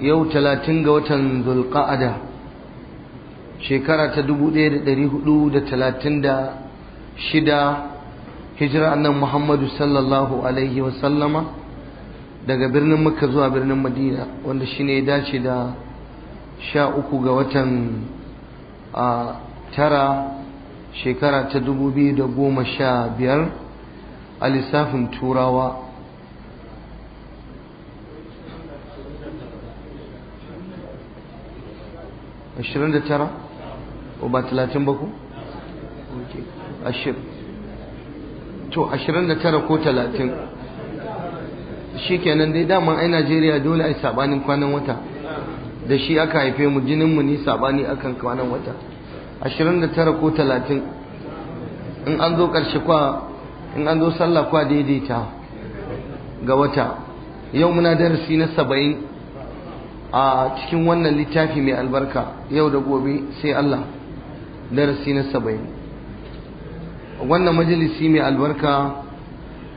yau talatin ga watan zulka'ada shekara ta dubu ɗaya da ɗari hudu da talatin da shida hijira annan muhammadu sallallahu alaihi wasallama daga birnin makka zuwa birnin madina wanda shine ya dace da sha uku ga watan a tara shekara ta dubu biyu da goma sha biyar a lissafin turawa ashirin da tara ba talatin ba ku? to ashirin da tara ko talatin shi kenan dai daman ai najeriya dole ai sabanin kwanan wata da shi aka haife mu jininmu ni sabani akan kwanan wata ashirin da tara ko talatin in an zo karshe kwa in an zo sallah kwa daidaita ga wata yau muna darasi na saba'in a cikin wannan littafi mai albarka yau da gobe sai Allah darasi na saba'in wannan majalisi mai albarka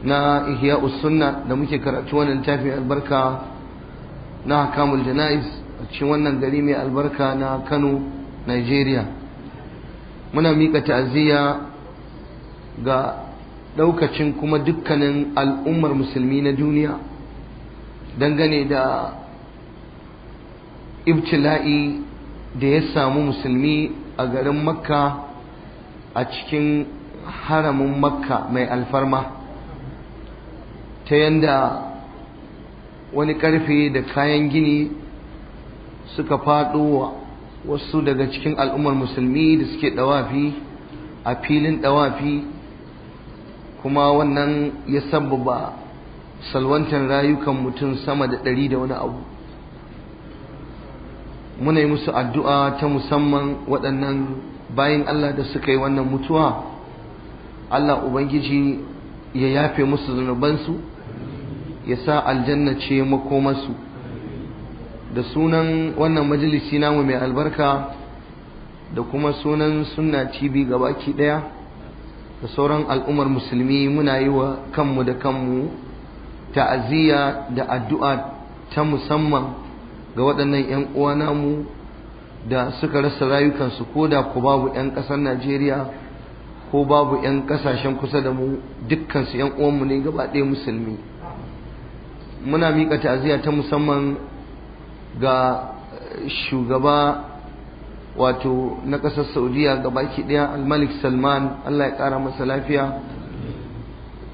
na ihya sunna da muke karatu wannan littafi mai albarka na hakamul jana'iz a cikin wannan gari mai albarka na kano nigeria muna miƙa ta'aziyya ga ɗaukacin kuma dukkanin al'ummar musulmi na duniya dangane da ibtila'i da ya samu musulmi a garin makka a cikin haramin makka mai alfarma ta yanda wani karfe da kayan gini suka faɗo wasu daga cikin al'ummar musulmi da suke ɗawafi a filin ɗawafi kuma wannan ya sababa salwantar rayukan mutum sama da ɗari da wani abu muna yi musu addu'a ta musamman waɗannan bayan Allah da suka yi wannan mutuwa Allah Ubangiji ya yafe musu zunubansu ya sa aljanna ce makomarsu da sunan wannan majalisi namu mai albarka da kuma sunan sunna cibi gabaki ɗaya da sauran al'ummar musulmi muna yi wa kanmu da kanmu ta'aziyya da addu'a ta musamman ga waɗannan 'yan uwa mu da suka rasa rayukansu ko da ku babu 'yan ƙasar Najeriya ko babu 'yan ƙasashen kusa da mu dukkansu 'yan uwanmu ne gaba ɗaya musulmi muna miƙa ta'aziyya ta musamman ga shugaba wato na ƙasar Saudiya ga baki ɗaya Al-Malik Salman Allah ya ƙara masa lafiya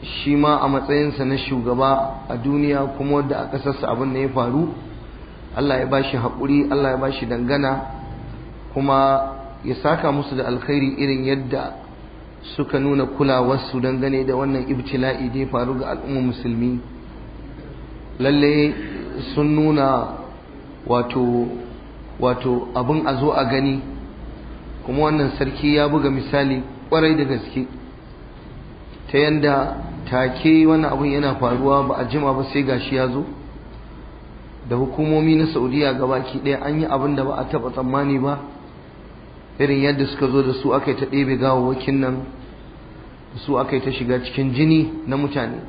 shi ma a matsayinsa na shugaba a duniya kuma wadda a ƙasarsa abin da ya faru Allah ya ba shi haƙuri Allah ya ba shi dangana kuma ya saka musu da alkhairi irin yadda suka nuna kulawarsu dangane da wannan ibtila'i da ya faru ga al'ummar musulmi lalle sun nuna wato wato abin a zo a gani kuma wannan sarki ya buga misali kwarai da gaske ta yanda take wannan abin yana faruwa ba a jima ba sai gashi ya zo da hukumomi na saudiya gabaki daya an yi abin da ba a taɓa tsammani ba irin yadda suka zo da su aka yi ta ɗebe wakin nan su aka yi ta shiga cikin jini na mutane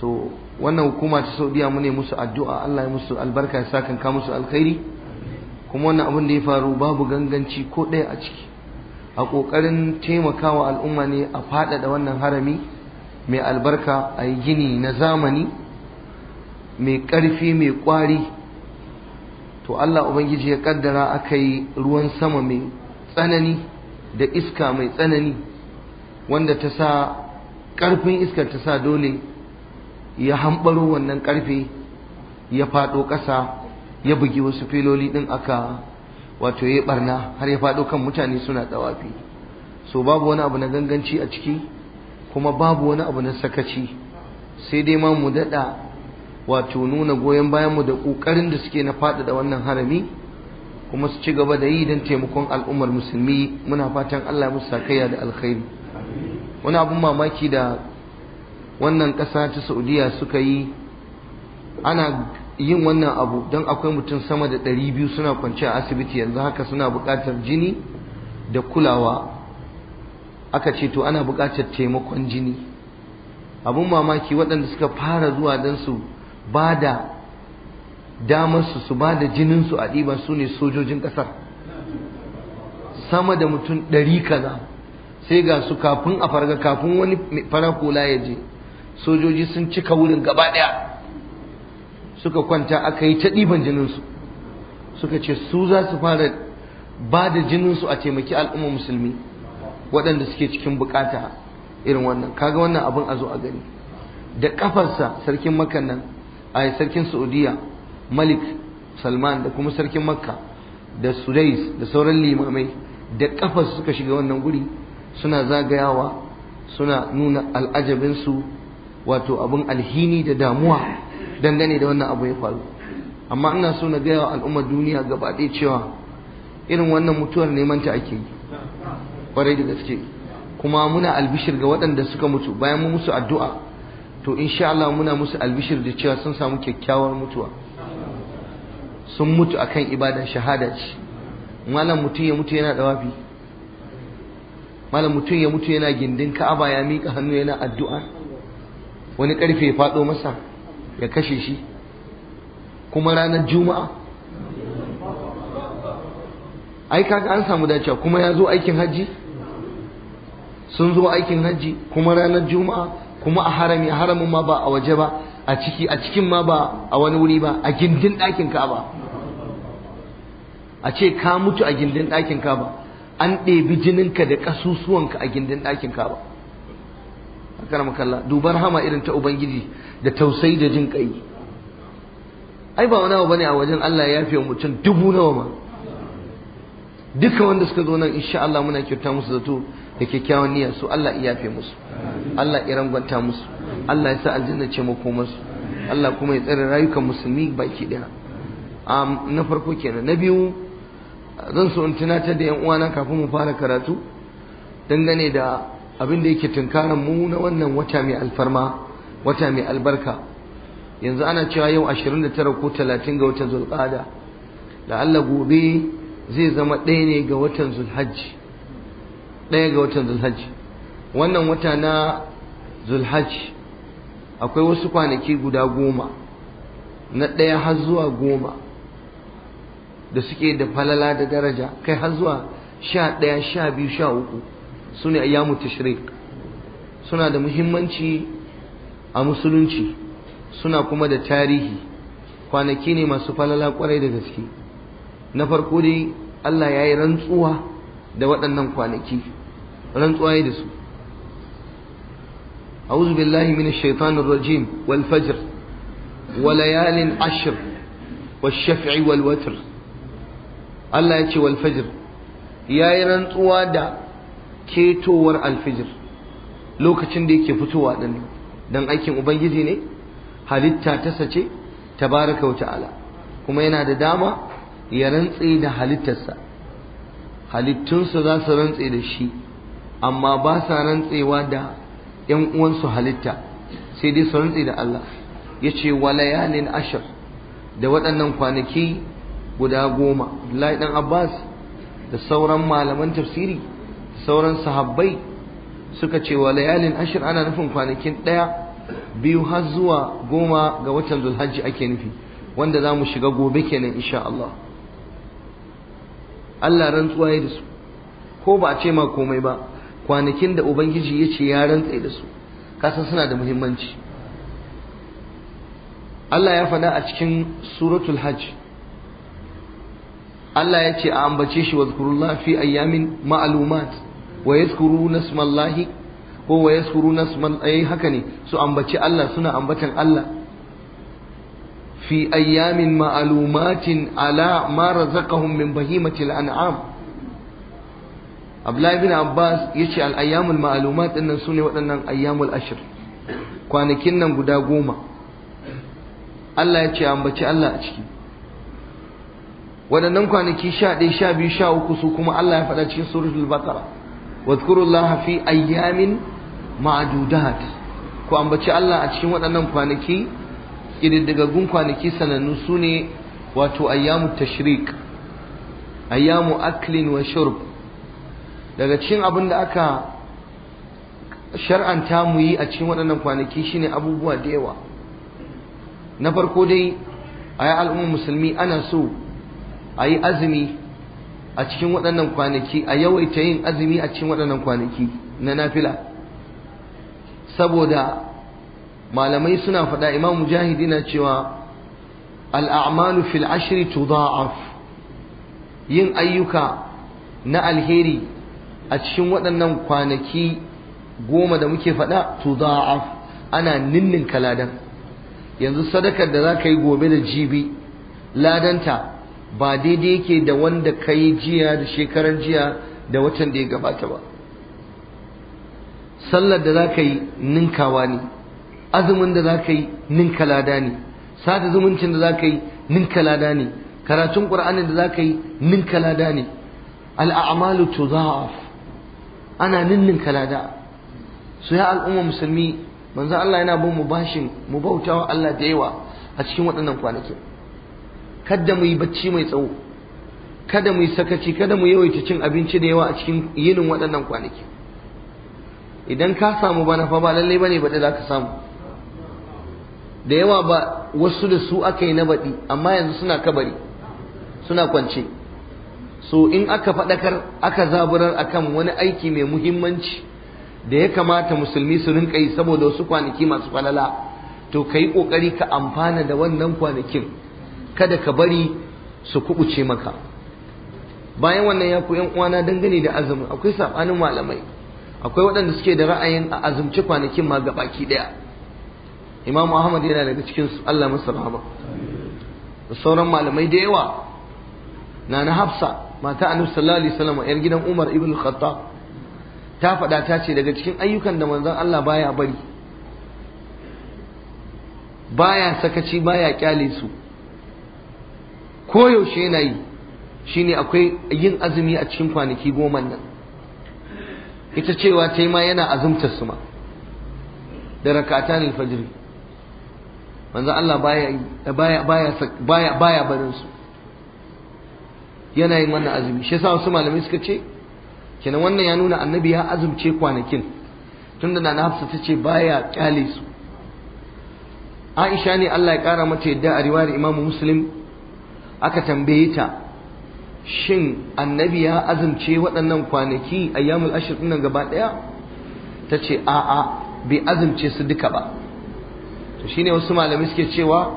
so wannan hukuma ta saudiya mu ne musu addu'a allah ya musu albarka ya sakan ka musu alkhairi kuma wannan abin da ya faru babu ganganci ko ɗaya a ciki a ƙoƙarin taimakawa al'umma ne a faɗaɗa wannan harami mai albarka a yi gini na zamani mai ƙarfi mai ƙwari to Allah Ubangiji ya ƙaddara aka yi ruwan sama mai tsanani da iska mai tsanani wanda ta sa ƙarfin iskar ta sa dole ya hambaro wannan ƙarfe ya faɗo ƙasa ya bugi wasu filoli ɗin aka wato ya barna har ya faɗo kan mutane suna tsawafi so babu wani abu na ganganci a ciki kuma babu wani abu na sakaci sai dai ma mu daɗa wato nuna goyon bayan mu da ƙoƙarin da suke na faɗaɗa wannan harami kuma su ci gaba da yi don taimakon al'ummar musulmi muna fatan Allah musu sakayya da alkhairi wani abun mamaki da wannan ƙasa ta saudiya suka yi ana yin wannan abu don akwai mutum sama da ɗari biyu suna kwance a asibiti yanzu haka suna buƙatar jini da kulawa aka ce to ana buƙatar taimakon jini abun mamaki waɗanda suka fara zuwa don su ba da damarsu su ba da jininsu a ɗiban su ne sojojin ƙasar sama da mutum ɗari kaza sai ga su kafin a farga kafin wani farakola ya je sojoji sun cika wurin gaba ɗaya suka kwanta aka yi ta ɗiban jininsu suka ce su za su fara ba da jininsu a taimaki al'ummar musulmi waɗanda suke cikin bukata irin wannan kaga wannan abin a zo a gani da kafarsa sarkin makan nan ai sarkin saudiya malik salman da kuma sarkin makka da sudais da sauran limamai da kafas suka shiga wannan guri suna zagayawa suna nuna al'ajabinsu wato abin alhini da damuwa dangane da wannan abu ya faru amma ina so na gaya wa al'ummar duniya gaba ɗaya cewa irin wannan mutuwar neman ta ake yi kwarai da gaske kuma muna albishir ga waɗanda suka mutu bayan mu musu addu'a to insha Allah muna musu albishir da cewa sun samu kyakkyawar mutuwa sun mutu akan ibadan shahada ce malam mutum ya mutu yana dawafi malam mutum ya mutu yana gindin ka'aba ya miƙa hannu yana addu'a wani karfe ya faɗo masa ya kashe shi kuma ranar juma'a ai kaga an samu dacewa kuma ya zo aikin hajji sun zo aikin hajji kuma ranar juma'a kuma a harami a haramin ma ba a waje ba a ciki a cikin ma ba a wani wuri ba a gindin ɗakin ba. a ce ka mutu a gindin ɗakin ba an ɗebi jininka da ƙasusuwanka a gindin ɗakin A akarama kalla dubar hama irin ta ubangiji da tausayi da jin ƙai. ai ba wani abu bane a wajen Allah ya yafe mutum dubu nawa ma duka wanda suka zo nan insha Allah muna kyauta musu zato da kyakkyawan niyyar su Allah ya yafe musu Allah ya rangwanta musu Allah ya sa aljanna ce mako musu Allah kuma ya tsare rayukan musulmi baki daya na farko kenan na biyu zan so in tunatar da yan uwana kafin mu fara karatu dangane da abin da yake tunkaran mu na wannan wata mai alfarma wata mai albarka yanzu ana cewa yau 29 ko 30 ga watan Zulqada la Allah gobe zai zama ɗaya ne ga watan zulhajji ɗaya ga watan Zulhaji. wannan wata na Zulhaji akwai wasu kwanaki guda goma na ɗaya har zuwa goma da suke da falala da daraja kai har zuwa sha ɗaya sha biyu sha uku su ne a suna da muhimmanci a musulunci suna kuma da tarihi kwanaki ne masu falala kwarai da gaske na farko dai Allah ya yi rantsuwa da waɗannan kwanaki rantsuwa da su أعوذ بالله من الشيطان الرجيم والفجر وليال عشر والشفع والوتر الله يتي والفجر يا يرن توادا كيتور الفجر lokacin da yake fitowa din dan aikin ubangiji ne halitta ta sace tabaraka wa kuma yana da dama ya rantse da halittarsa Halittunsu za su rantse da shi amma ba sa rantsewa da ‘yan uwansu halitta sai dai su rantse da Allah ya ce wa layalin ashir da waɗannan kwanaki guda goma Abdullahi ɗan Abbas da sauran malaman tafsiri sauran sahabbai suka ce wa layalin ashir ana nufin kwanakin ɗaya biyu har zuwa goma ga watan zulhajji ake nufi wanda za mu shiga gobe kenan insha Allah Allah rantsuwa ya da su ko ba a ce ma komai ba kwanakin da ubangiji ya ce ya rantsa da su kasan suna da muhimmanci Allah ya fada a cikin suratul hajj Allah ya ce a ambace shi wa fi ayyamin ma'lumat wa yadhkuruna smallahi ko wa yadhkuruna sman eh, haka ne su ambace Allah suna ambatan Allah fi ayyamin ma'alumatin ala ma razaqahum min bahimatil an'am Abdullahi bin Abbas yace al ayyamul ma'lumat dinnan sune waɗannan ayyamul ashr kwanakin nan guda goma Allah ya ce ambaci Allah a ciki waɗannan kwanaki sha ɗaya sha biyu sha uku kuma Allah ya faɗa cikin suratul baqara wadhkurullaha fi ayyamin ma'dudat ku ambaci Allah a cikin waɗannan kwanaki ƙididdigaggun kwanaki sanannu su ne wato ayyamu tashrik ayyamu aklin wa shurb daga cikin abin da aka shar'anta mu yi a cikin waɗannan kwanaki shine abubuwa da yawa na farko dai a yi al'ummar musulmi ana so a yi azumi a cikin waɗannan kwanaki a yawaita yin azumi a cikin waɗannan kwanaki na nafila saboda malamai suna faɗa imam mujahid yana cewa al'amalu fil ashiri tudha'af yin ayyuka na alheri a cikin waɗannan kwanaki goma da muke faɗa tudha'af ana ninnin Ladan. yanzu sadakar da za ka yi gobe da jibi ladanta ba daidai yake da wanda ka yi jiya da shekarar jiya da watan da ya gabata ba sallar da za ka yi ninkawa ne azumin da za ka yi nin kalada ne sada zumuncin da za ka yi nin kalada ne karatun ƙur'ani da za ka yi nin kalada ne al'amalu tuzaf ana nin kalada. su ya al'umma musulmi manzo Allah yana bin mu bashin mu bautawa Allah da yawa a cikin waɗannan kwanakin kada mu yi bacci mai tsawo kada mu yi sakaci kada mu yawaita cin abinci da yawa a cikin yinin waɗannan kwanaki idan ka samu bana fa ba lallai bane ba da za ka samu da yawa ba wasu da su aka yi na baɗi amma yanzu suna kabari suna kwance so in aka faɗakar aka zaburar akan wani aiki mai muhimmanci da ya kamata musulmi su rinka yi saboda wasu kwanaki masu falala to ka yi ƙoƙari ka amfana da wannan kwanakin kada ka bari su kuɓuce maka bayan wannan ya ku yan uwana dangane da azumi akwai saɓanin malamai akwai waɗanda suke da ra'ayin a azumci kwanakin ma ki ɗaya imam ahmad yana daga cikin Allah masa rahama da sauran malamai da yawa na na hafsa mata annabi sallallahu alaihi wasallam yar gidan umar ibn khattab ta faɗa ta ce daga cikin ayyukan da manzon Allah baya bari baya sakaci baya kyale su koyaushe yana yi shine akwai yin azumi a cikin kwanaki goma nan ita cewa ta ma yana azumtar su ma da rakatan al-fajr manzo Allah baya baya baya baya su yana yin wannan azumi shi yasa wasu malamai suka ce kenan wannan ya nuna annabi ya azumce kwanakin tunda na Hafsa ta ce baya kyale su Aisha ne Allah ya kara mata yadda a riwayar Imam Muslim aka tambaye ta shin annabi ya azumce waɗannan kwanaki ayyamul ashr din gaba daya tace a'a bai azumce su duka ba to shine wasu malamai suke cewa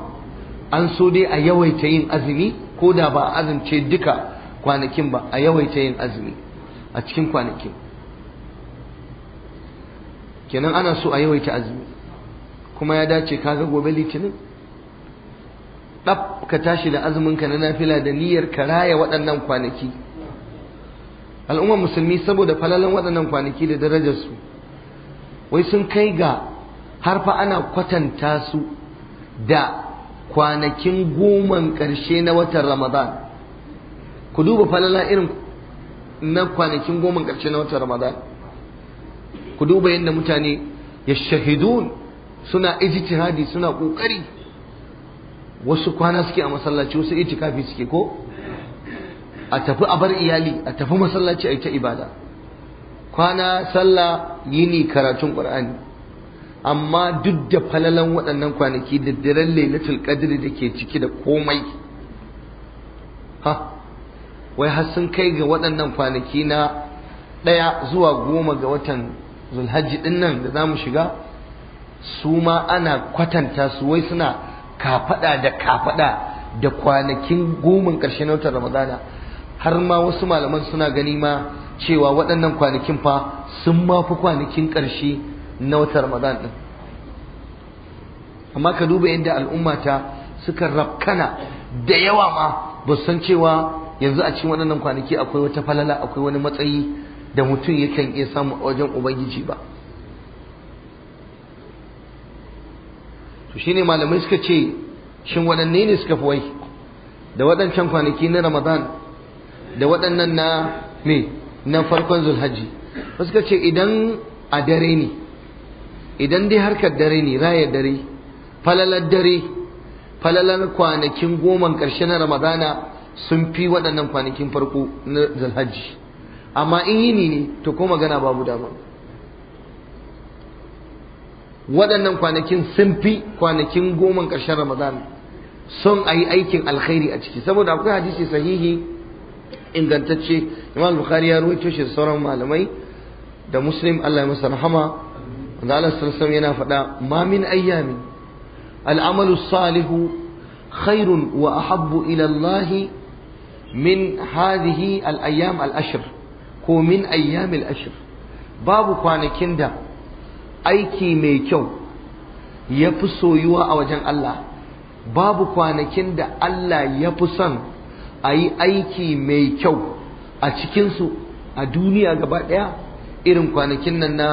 an so dai a yawaita yin azumi ko da ba a azumce duka kwanakin ba a yawaita yin azumi a cikin kwanakin kenan ana so a yawaita azumi kuma ya dace ka ga gobe litinin ɗab ka tashi da azuminka na nafila da niyyar ka raya waɗannan kwanaki al'ummar musulmi saboda falalan waɗannan kwanaki da darajarsu wai sun kai ga har fa ana kwatanta su da kwanakin goman ƙarshe na watan ramadan ku duba falala irin na kwanakin goman ƙarshe na watan ramadan ku duba yadda mutane ya shahidun suna ijtihadi suna ƙoƙari wasu kwana suke a masallaci wasu itikafi suke ko a tafi a bar iyali a tafi masallaci a yi ta ibada kwana sallah yini karatun ƙur'ani amma duk da falalan waɗannan kwanaki da daren lailatul qadri da ke ciki da komai ha wai har sun kai ga waɗannan kwanaki na ɗaya zuwa goma ga watan zulhajji ɗin nan da za mu shiga su ma ana kwatanta su wai suna kafaɗa da kafaɗa da kwanakin goma ƙarshe na watan ramadana har ma wasu malaman suna gani ma cewa waɗannan kwanakin fa sun mafi kwanakin ƙarshe na watan ramadan din amma ka duba yadda al'umma ta suka rafkana da yawa ma ba san cewa yanzu a cikin waɗannan kwanaki akwai wata falala akwai wani matsayi da mutum yakan iya samu a wajen ubangiji ba to shine malamai suka ce shin waɗanne ne suka fi wai da waɗancan kwanaki na ramadan da waɗannan na me na farkon zulhaji suka ce idan a dare ne idan dai harkar dare ne raya dare falalar dare falalar kwanakin goman ƙarshe na ramadana sun fi waɗannan kwanakin farko na zalhaji amma in yini ne to ko magana babu dama waɗannan kwanakin sun fi kwanakin goman ƙarshen ramadana sun a yi aikin alkhairi a ciki saboda akwai hadisi sahihi ingantacce imam bukhari ya ruwaito shi da sauran malamai da muslim allah ya masa rahama wanda Allah sallallahu yana faɗa ma min ayyami al'amalu salihu khairun wa ahabbu ila Allah min hadhihi al-ayyam al-ashr ko min ayyam al-ashr babu kwanakin da aiki mai kyau ya fi soyuwa a wajen Allah babu kwanakin da Allah ya fi son a yi aiki mai kyau a cikinsu a duniya gaba ɗaya irin kwanakin nan na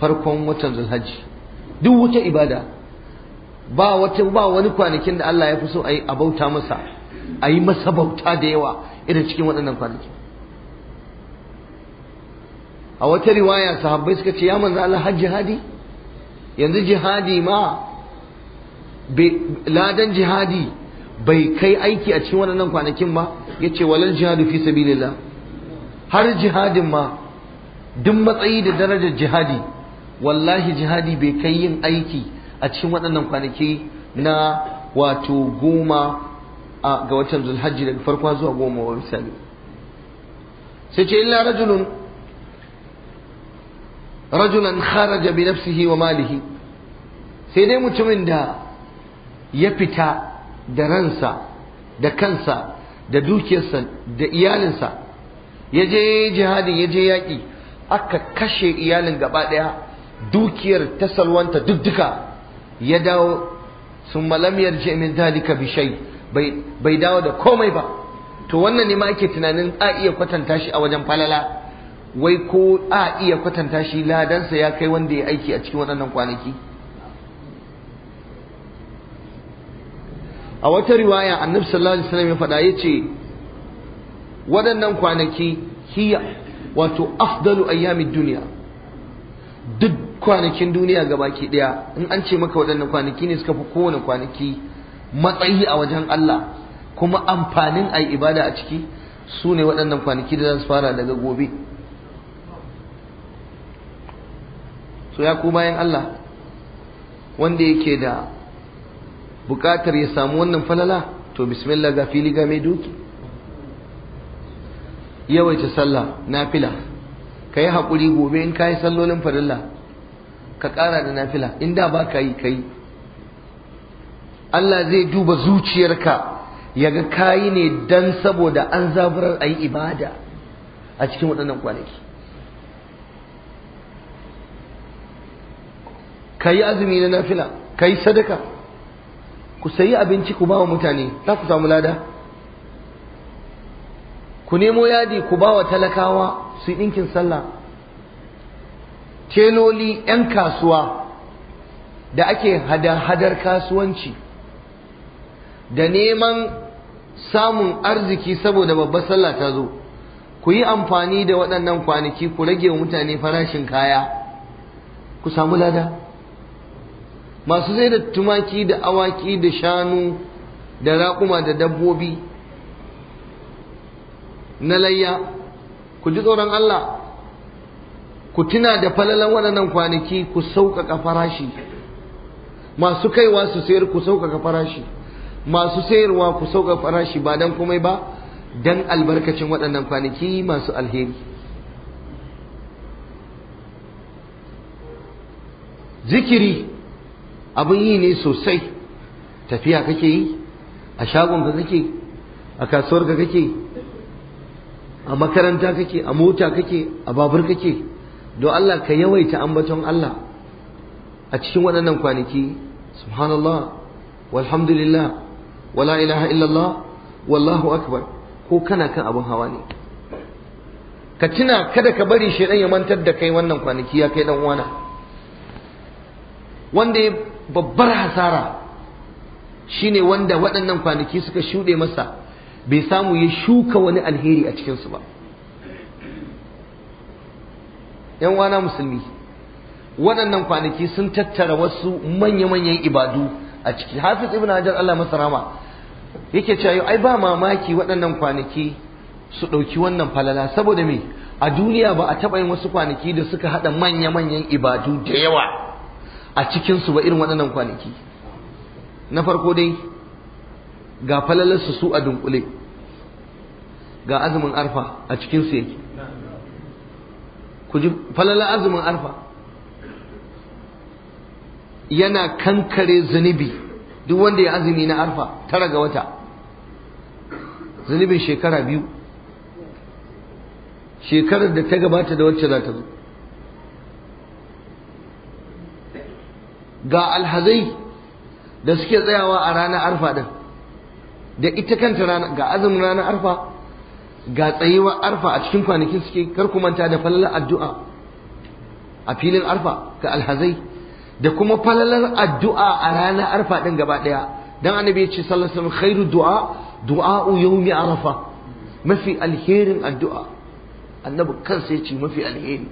farkon watan zulhajji duk wata ibada ba wata ba wani kwanakin da Allah ya fi so a bauta masa a yi masa bauta da yawa irin cikin waɗannan kwanaki a wata riwaya sahabbai suka ce ya manzo Allah hajji hadi yanzu jihadi ma ladan jihadi bai kai aiki a cikin waɗannan kwanakin ba ya ce walal jihadu fi sabilillah har jihadin ma duk matsayi da darajar jihadi wallahi jihadi bai kai yin aiki a cikin waɗannan kwanaki na wato goma ga watan zulhajji daga farko zuwa goma wa misali sai ce illa rajulun rajulan kharaja bi nafsihi wa malihi sai dai mutumin da ya fita da ransa da kansa da dukiyarsa da iyalinsa ya je jihadin ya je yaƙi aka kashe iyalin gaba ɗaya dukiyar ta duk duka ya dawo sun malamiyar yarji min dalika bishai bai dawo da komai ba to wannan ne ma ake tunanin a iya kwatanta shi a wajen falala wai ko a iya kwatanta shi ladansa ya kai wanda ya aiki a cikin waɗannan kwanaki a wata riwaya annabi sallallahu alaihi ya faɗa yace waɗannan kwanaki hiya wato afdalu ayyamid duniya duk kwanakin duniya ga baki daya in an ce maka waɗannan kwanaki ne suka fi kowane kwanaki matsayi a wajen Allah kuma amfanin ai ibada a ciki su ne waɗannan kwanaki da za su fara daga gobe so ya ku bayan Allah wanda yake da bukatar ya samu wannan falala to bismillah ga fili ga mai duki yawaita sallah nafila ka yi haƙuri gobe in ka yi sallolin farilla ka ƙara da nafila in da ba ka yi ka yi Allah zai duba zuciyarka ya ga yi ne don saboda an zaburar a yi ibada a cikin waɗannan kwanaki ka yi azumi na nafila ka yi sadaka ku sayi abinci ku ba wa mutane za ku samu lada ku nemo yadi ku ba wa talakawa su ɗinkin sallah teloli 'yan kasuwa da ake hada-hadar kasuwanci da neman samun arziki saboda babbar sallah ta zo ku yi amfani da waɗannan kwanaki ku rage mutane farashin kaya ku samu lada masu zai da tumaki da awaki da shanu da raƙuma da dabbobi na layya ku ji tsoron Allah ku tuna da falalan waɗannan kwanaki ku sauƙaƙa farashi masu kaiwa su sayar ku sauƙaƙa farashi masu sayarwa ku sauƙaƙa farashi ba dan komai ba dan albarkacin waɗannan kwanaki masu alheri zikiri abin yi ne sosai tafiya kake yi a shagon ka kake a kasuwar ka kake a makaranta kake a mota kake a babur kake don Allah ka yawaita ambaton Allah a cikin waɗannan kwanaki subhanallah walhamdulillah wala ilaha illallah wallahu akbar ko kana kan abin hawa ne ka tuna kada ka bari shaidan ya mantar da kai wannan kwanaki ya kai dan uwana wanda ya babbar hasara shine wanda waɗannan kwanaki suka shuɗe masa bai samu ya shuka wani alheri a cikinsu ba yan wana musulmi waɗannan kwanaki sun tattara wasu manya-manyan ibadu a ciki hafiz ibn hajar allah masa rama yake cewa ai ba mamaki waɗannan kwanaki su ɗauki wannan falala saboda me a duniya ba a taɓa yin wasu kwanaki da suka haɗa manya-manyan ibadu da yawa a cikinsu ba irin waɗannan kwanaki na farko dai ga falalarsu su a dunkule ga azumin arfa a cikinsu yake ku ji falala azumin arfa yana kankare zunubi duk wanda ya azumi na arfa tara ga wata zunubin shekara biyu shekarar da ta gabata da wacce za ta zo ga alhazai da suke tsayawa a ranar arfa din da ita kanta ga azumin ranar arfa ga tsayuwar arfa a cikin kwanakin suke kar manta da falalar addu'a a filin arfa ga alhazai da kuma falalar addu'a a ranar arfa ɗin gaba ɗaya, don annabi ya ce sallallahu alaihi khairu du'a du'a'u yawmi arafa mafi alherin addu'a annabi kansa ya ce mafi alheri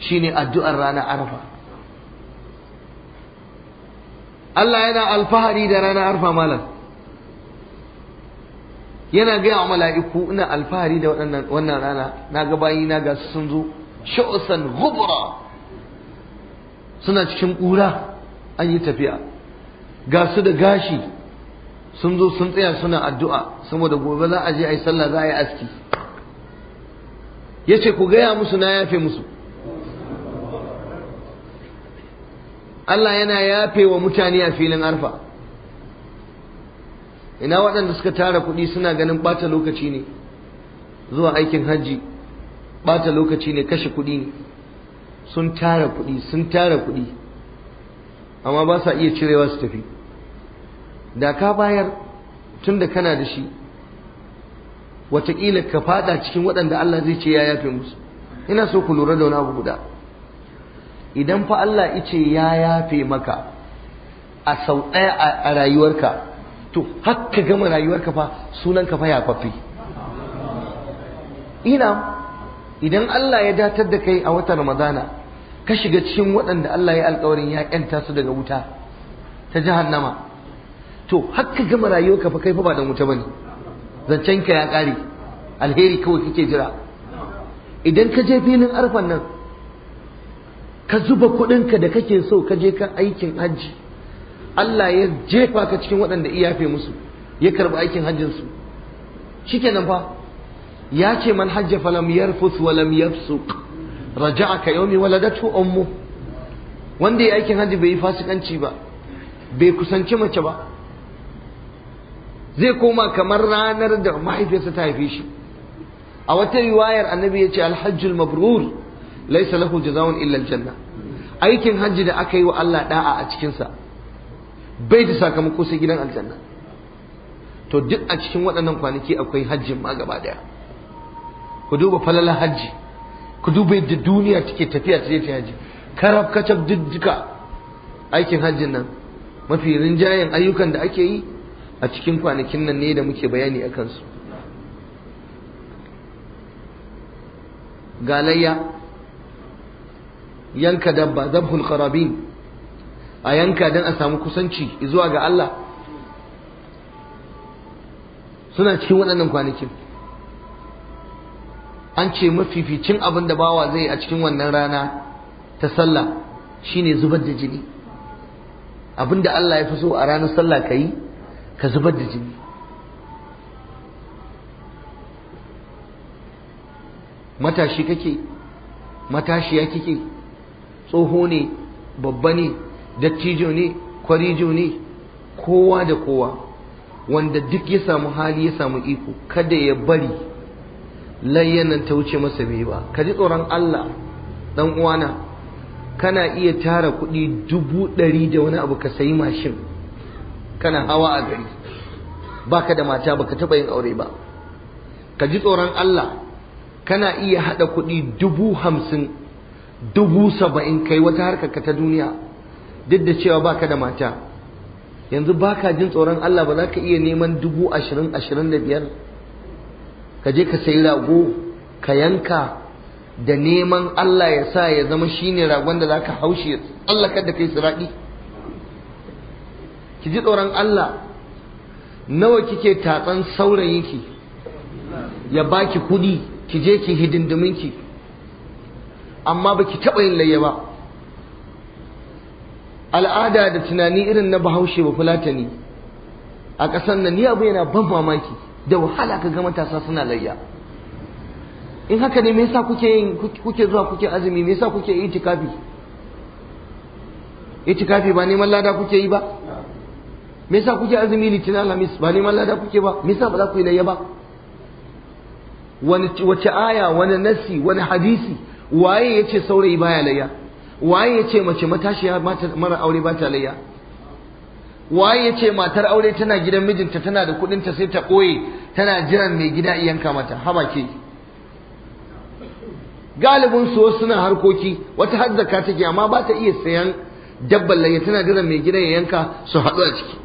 shine addu'ar ranar arfa Allah yana alfahari da ranar arfa malam yana gaya wa mala'iku ina alfahari da wannan rana na ga yi na gasu sun zo sha'usan gubura suna cikin ƙura an yi tafiya Gasu da gashi sun zo sun tsaya suna addu'a saboda gobe za a je a yi sallah za a yi aski ya ce ku gaya musu na yafe musu Allah yana yafe wa mutane a filin arfa ina waɗanda suka tara kuɗi suna ganin ɓata lokaci ne zuwa aikin hajji ɓata lokaci ne kashe kuɗi ne sun tara kuɗi sun tara kuɗi amma ba sa iya cirewa su tafi da ka bayar tun da kana da shi watakila ka faɗa cikin waɗanda Allah zai ce ya yafe musu ina so ku lura da wani abu guda idan fa Allah ice ya yafe maka a sau ɗaya a rayuwarka to haka gama rayuwarka fa sunan kafa fa yafaffe ina idan Allah ya datar da kai a watan Ramadana ka shiga cikin waɗanda Allah ya alƙawarin ya ƙyanta su daga wuta ta jahannama to haka gama rayuwar kafa, kai fa ba da wuta bane zancen ka ya ƙare alheri kawai kike jira idan ka je filin arfan nan ka zuba kuɗinka da kake so ka je kan aikin hajji Allah ya jefa ka cikin waɗanda iyafe musu ya karɓi aikin hajjinsu shikenan fa ya ce man hajja falam yarfus wa lam yafsuq raja'a yawmi waladatu ummu wanda ya aikin hajji bai yi fasikanci ba bai kusanci mace ba zai koma kamar ranar da mahaifiyarsa ta haife shi a wata riwayar annabi ya ce alhajjul mabrur laisa lahu jazaa'un illa aljanna aikin hajji da aka yi wa Allah da'a a cikinsa bai da sakamako sai gidan aljanna to duk a cikin waɗannan kwanaki akwai hajjin ma gaba daya ku duba falalar hajji ku duba yadda duniya take tafiya ta yi ta hajji karab kacab didduka aikin hajjin nan mafi rinjayen ayyukan da ake yi a cikin kwanakin nan ne da muke bayani a kansu galayya yanka dabba zabhul qarabin a yanka don a samu kusanci zuwa ga Allah suna cikin waɗannan kwanakin an ce mafificin abin da bawa zai a cikin wannan rana ta sallah shine zubar da jini abin da Allah ya fi so a ranar sallah ka yi ka zubar da jini matashi kake matashiya kike tsoho ne babba ne dattijo ne kwarijo ne kowa da kowa wanda duk ya samu hali ya samu iko kada ya bari layyanan ta wuce masa bai ba ka ji tsoron Allah dan uwana kana iya tara kuɗi dubu ɗari da wani abu ka sayi mashin kana hawa a gari baka da mata baka taɓa yin aure ba ka ji tsoron Allah kana iya haɗa kuɗi dubu hamsin dubu saba'in kai wata harkar ka ta duniya duk da cewa baka da mata yanzu baka jin tsoron Allah ba za ka iya neman dubu ashirin ashirin da biyar ka je ka sayi rago ka yanka da neman Allah ya sa ya zama shine ragon da za ka haushe Allah kada kai siraɗi ki ji tsoron Allah nawa kike tatsan saurayinki ya baki kuɗi ki je ki hidindiminki amma baki taɓa yin layya ba al'ada da tunani irin na bahaushe ba fulatani a ƙasar nan ni abu yana ban mamaki da wahala ka ga matasa suna layya in haka ne me yasa kuke yin kuke zuwa kuke azumi me yasa kuke itikafi itikafi ba neman lada kuke yi ba me yasa kuke azumi litinin alhamis ba neman lada kuke ba me yasa ba za ku yi layya ba wani wace aya wani nasi wani hadisi waye yace saurayi baya layya waye ya ce mace matashiya mara aure ba ta layya waye ya ce matar aure tana gidan mijinta tana da kudinta sai ta ɓoye tana jiran mai gida iyan mata haba ke galibin su suna harkoki wata har zakka take amma ba ta iya sayan dabbar layya tana jiran mai gida ya yanka su haɗu a ciki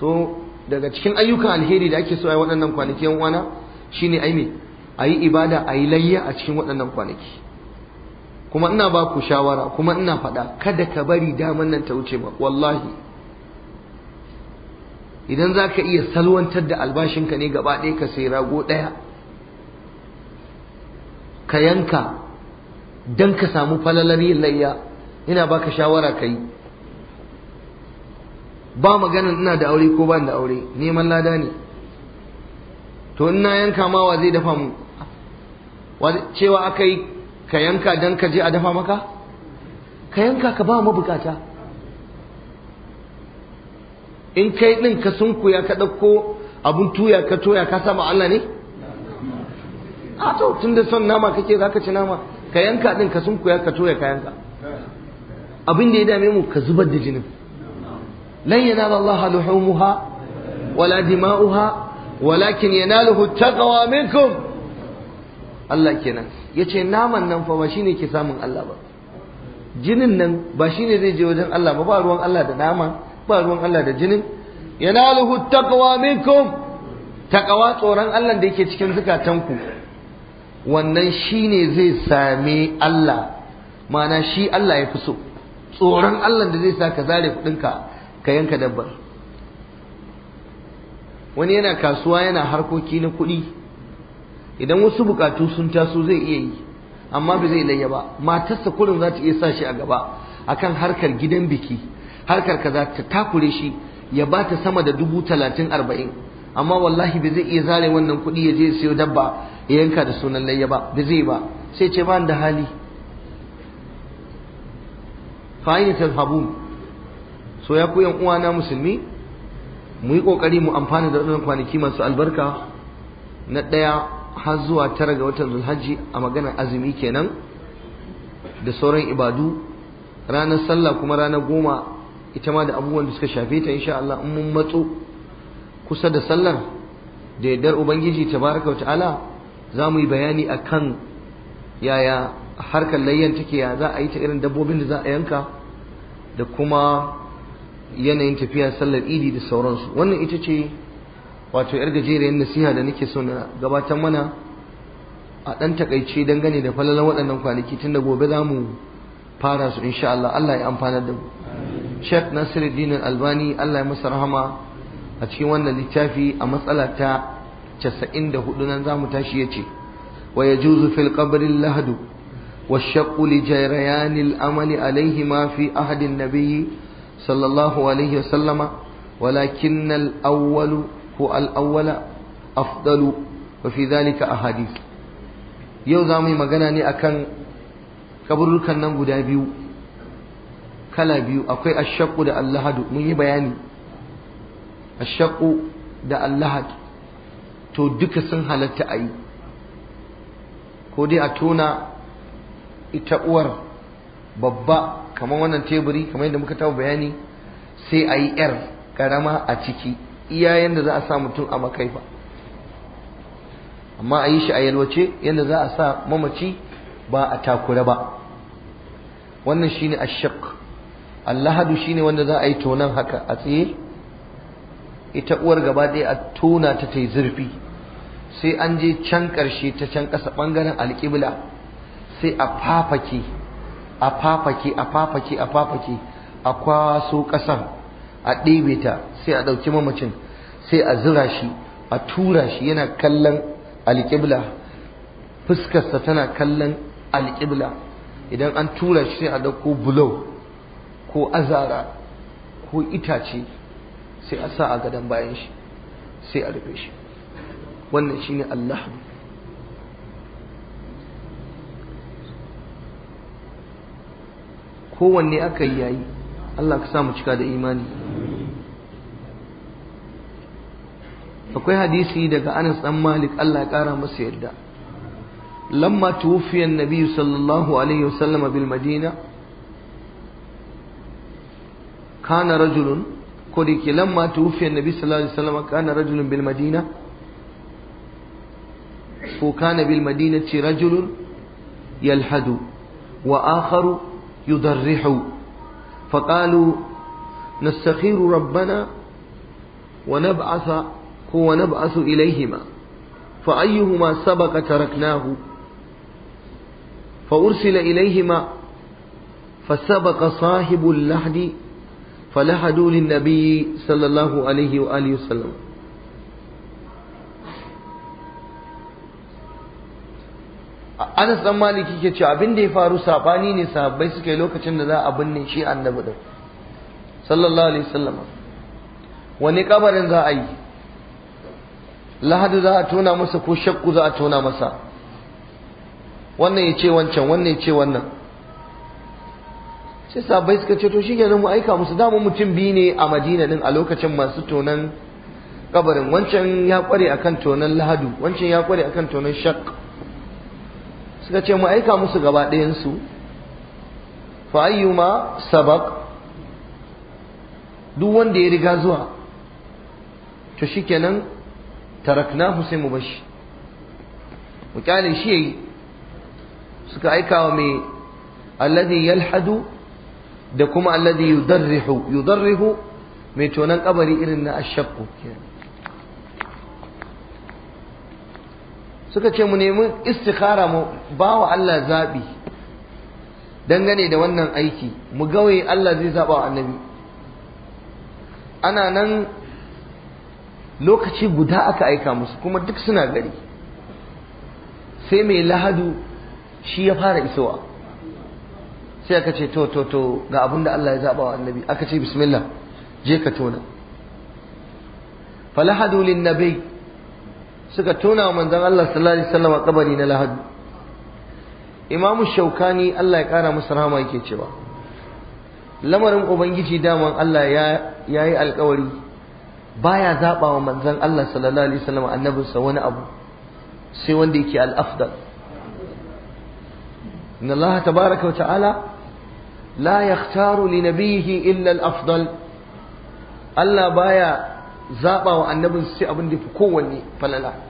so daga cikin ayyukan alheri da ake so a waɗannan kwanaki yan uwana shine ai a yi ibada a yi layya a cikin waɗannan kwanaki kuma ina ba ku shawara kuma ina faɗa kada ka bari daman nan ta wuce ba wallahi idan za ka iya salwantar da albashinka ne gaba ɗaya ka sai rago ɗaya ka yanka don ka samu falalar yin layya ina baka shawara ka yi ba maganin ina da aure ko ban da aure neman lada ne to ina yanka ma zai dafa mu cewa aka yi ka yanka don ka je a dafa maka ka yanka ka ba bukata in kai ɗin ka sunkuya ka ɗauko abun tuya ka toya ka sama Allah ne a to tun da son nama kake za ka ci nama ka yanka ɗin ka sunkuya ka toya ka yanka abin da ya dame mu ka zubar da jinin lan yanala Allah luhumuha wala dima'uha walakin yanaluhu taqwa minkum Allah kenan yace naman nan fa ba shine ke samun Allah ba jinin nan ba shine zai je wajen Allah ba ba ruwan Allah da naman ba ruwan Allah da jinin yanaluhu taqwa minkum taqwa tsoron Allah da yake cikin zakatanku wannan shine zai same Allah mana shi Allah ya fi so tsoron Allah da zai sa ka zare kudinka ka yanka dabbar wani yana kasuwa yana harkoki na kuɗi idan wasu bukatu sun taso zai iya yi amma ba zai layya ba matarsa kullum za ta iya sa shi a gaba akan harkar gidan biki harkar kaza ta takure shi ya ba ta sama da dubu talatin arba'in amma wallahi ba zai iya zare wannan kuɗi ya je sayo dabba ya yanka da sunan layya ba ba zai ba sai ce ba da hali fa'ayin Habu? so ya ku yan uwana musulmi mu yi kokari mu amfana da wannan kwanaki masu albarka na ɗaya har zuwa tara ga watan zulhajji a maganar azumi kenan da sauran ibadu ranar sallah kuma ranar goma ita ma da abubuwan da suka shafe ta insha Allah in mun matso kusa da sallar da yardar ubangiji tabaraka wa ta'ala za mu yi bayani akan yaya harkar layyan take ya za a yi ta irin dabbobin da za a yanka da kuma yanayin tafiya sallar idi da sauransu wannan ita ce wato yar gajeriyar nasiha da nake so na gabatar mana a ɗan takaice dangane da falalan waɗannan kwanaki tun da gobe za mu fara su insha Allah Allah ya amfana da mu Sheikh Nasiruddin Albani Allah ya masa rahama a cikin wannan littafi a matsala ta 94 nan zamu tashi yace wa yajuzu fil qabri lahadu wa shaqqu li jayrayan al amali alayhi ma fi ahd an sallallahu wa sallama walakin al awwal ko al'awwala afdalu wa fi zalika ahadith yau za mu yi magana ne akan kaburrukan nan guda biyu kala biyu akwai ashaku da allahadu mun yi bayani Ashaku da Allahadu. to duka sun halatta a yi ko dai a tona ita uwar babba kamar wannan teburi kamar yadda muka taɓa bayani sai a yi yar karama a ciki iya yadda za a sa mutum a makai ba amma a yi shi a yalwace yadda za a sa mamaci ba a takura ba wannan shine ashaq allahadu shine wanda za a yi tonan haka a tsaye ita uwar gaba ɗaya a tona ta ta yi zurfi sai an je can ƙarshe ta can ƙasa ɓangaren alƙibla sai a fafake a fafake a fafake a fafake a kwaso ƙasan a ɗebe ta sai a ɗauki mamacin sai a zira shi a tura shi yana kallon alƙibla fuskarsa tana kallon alƙibla idan an tura shi sai a ɗauko bulo ko azara ko itace sai a sa a gadon bayan shi sai a rufe shi wannan shine Allah kowanne aka yi yayi Allah ka sa mu cika da imani akwai hadisi daga Anas dan Malik Allah ya kara masa yarda lamma tuwfiya an-nabi sallallahu alaihi wasallam bil madina kana rajulun ko dake lamma tuwfiya an-nabi sallallahu alaihi wasallam kana rajulun bil madina ko kana bil madinati rajulun yalhadu wa akharu yudarrihu فقالوا نستخير ربنا ونبعث هو نبعث إليهما فأيهما سبق تركناه فأرسل إليهما فسبق صاحب اللحد فلحدوا للنبي صلى الله عليه وآله وسلم Anas dan Maliki ke cewa abin da ya faru sabani ne sahabbai suka yi lokacin da za a binne shi annabi da sallallahu alaihi wasallam wani kabarin za a yi lahadu za a tona masa ko shakku za a tona masa wannan ya ce wancan wannan ya ce wannan sai sahabbai suka ce to shi ke mu aika musu dama mutum biyu ne a madina din a lokacin masu tonan kabarin wancan ya kware akan tonan lahadu wancan ya kware akan tonan shakku suka ce mu aika musu gaba ɗayansu fa ayyuma sabaq duk wanda ya riga zuwa to shikenan tarakna sai mu bashi mu kyale shi yayi suka aika wa mai alladhi yalhadu da kuma alladhi yudarrihu yudarrihu mai tonan kabari irin na ashaqqu kenan suka ce mu nemi istikhara mu ba wa Allah zaɓi dangane da wannan aiki mu gawaye Allah zai zaɓa wa annabi ana nan lokaci guda aka aika musu kuma duk suna gari sai mai lahadu shi ya fara isowa sai aka ce to to to ga abin da Allah ya zaba wa annabi aka ce bismillah je ka tona fa lahadu lin nabi suka tona manzon Allah sallallahu alaihi wasallam kabari na Lahadu Imamu Shaukani Allah ya kara masa rahama yake cewa lamarin ubangiji daman Allah ya yayi alƙawari baya zaba wa manzon Allah sallallahu alaihi wasallam annabinsa wani abu sai wanda yake al-afdal inna Allah tabaaraka wa ta'ala la yakhtaru li nabiyhi illa al-afdal Allah baya zaba wa sai abin da fi kowanne falala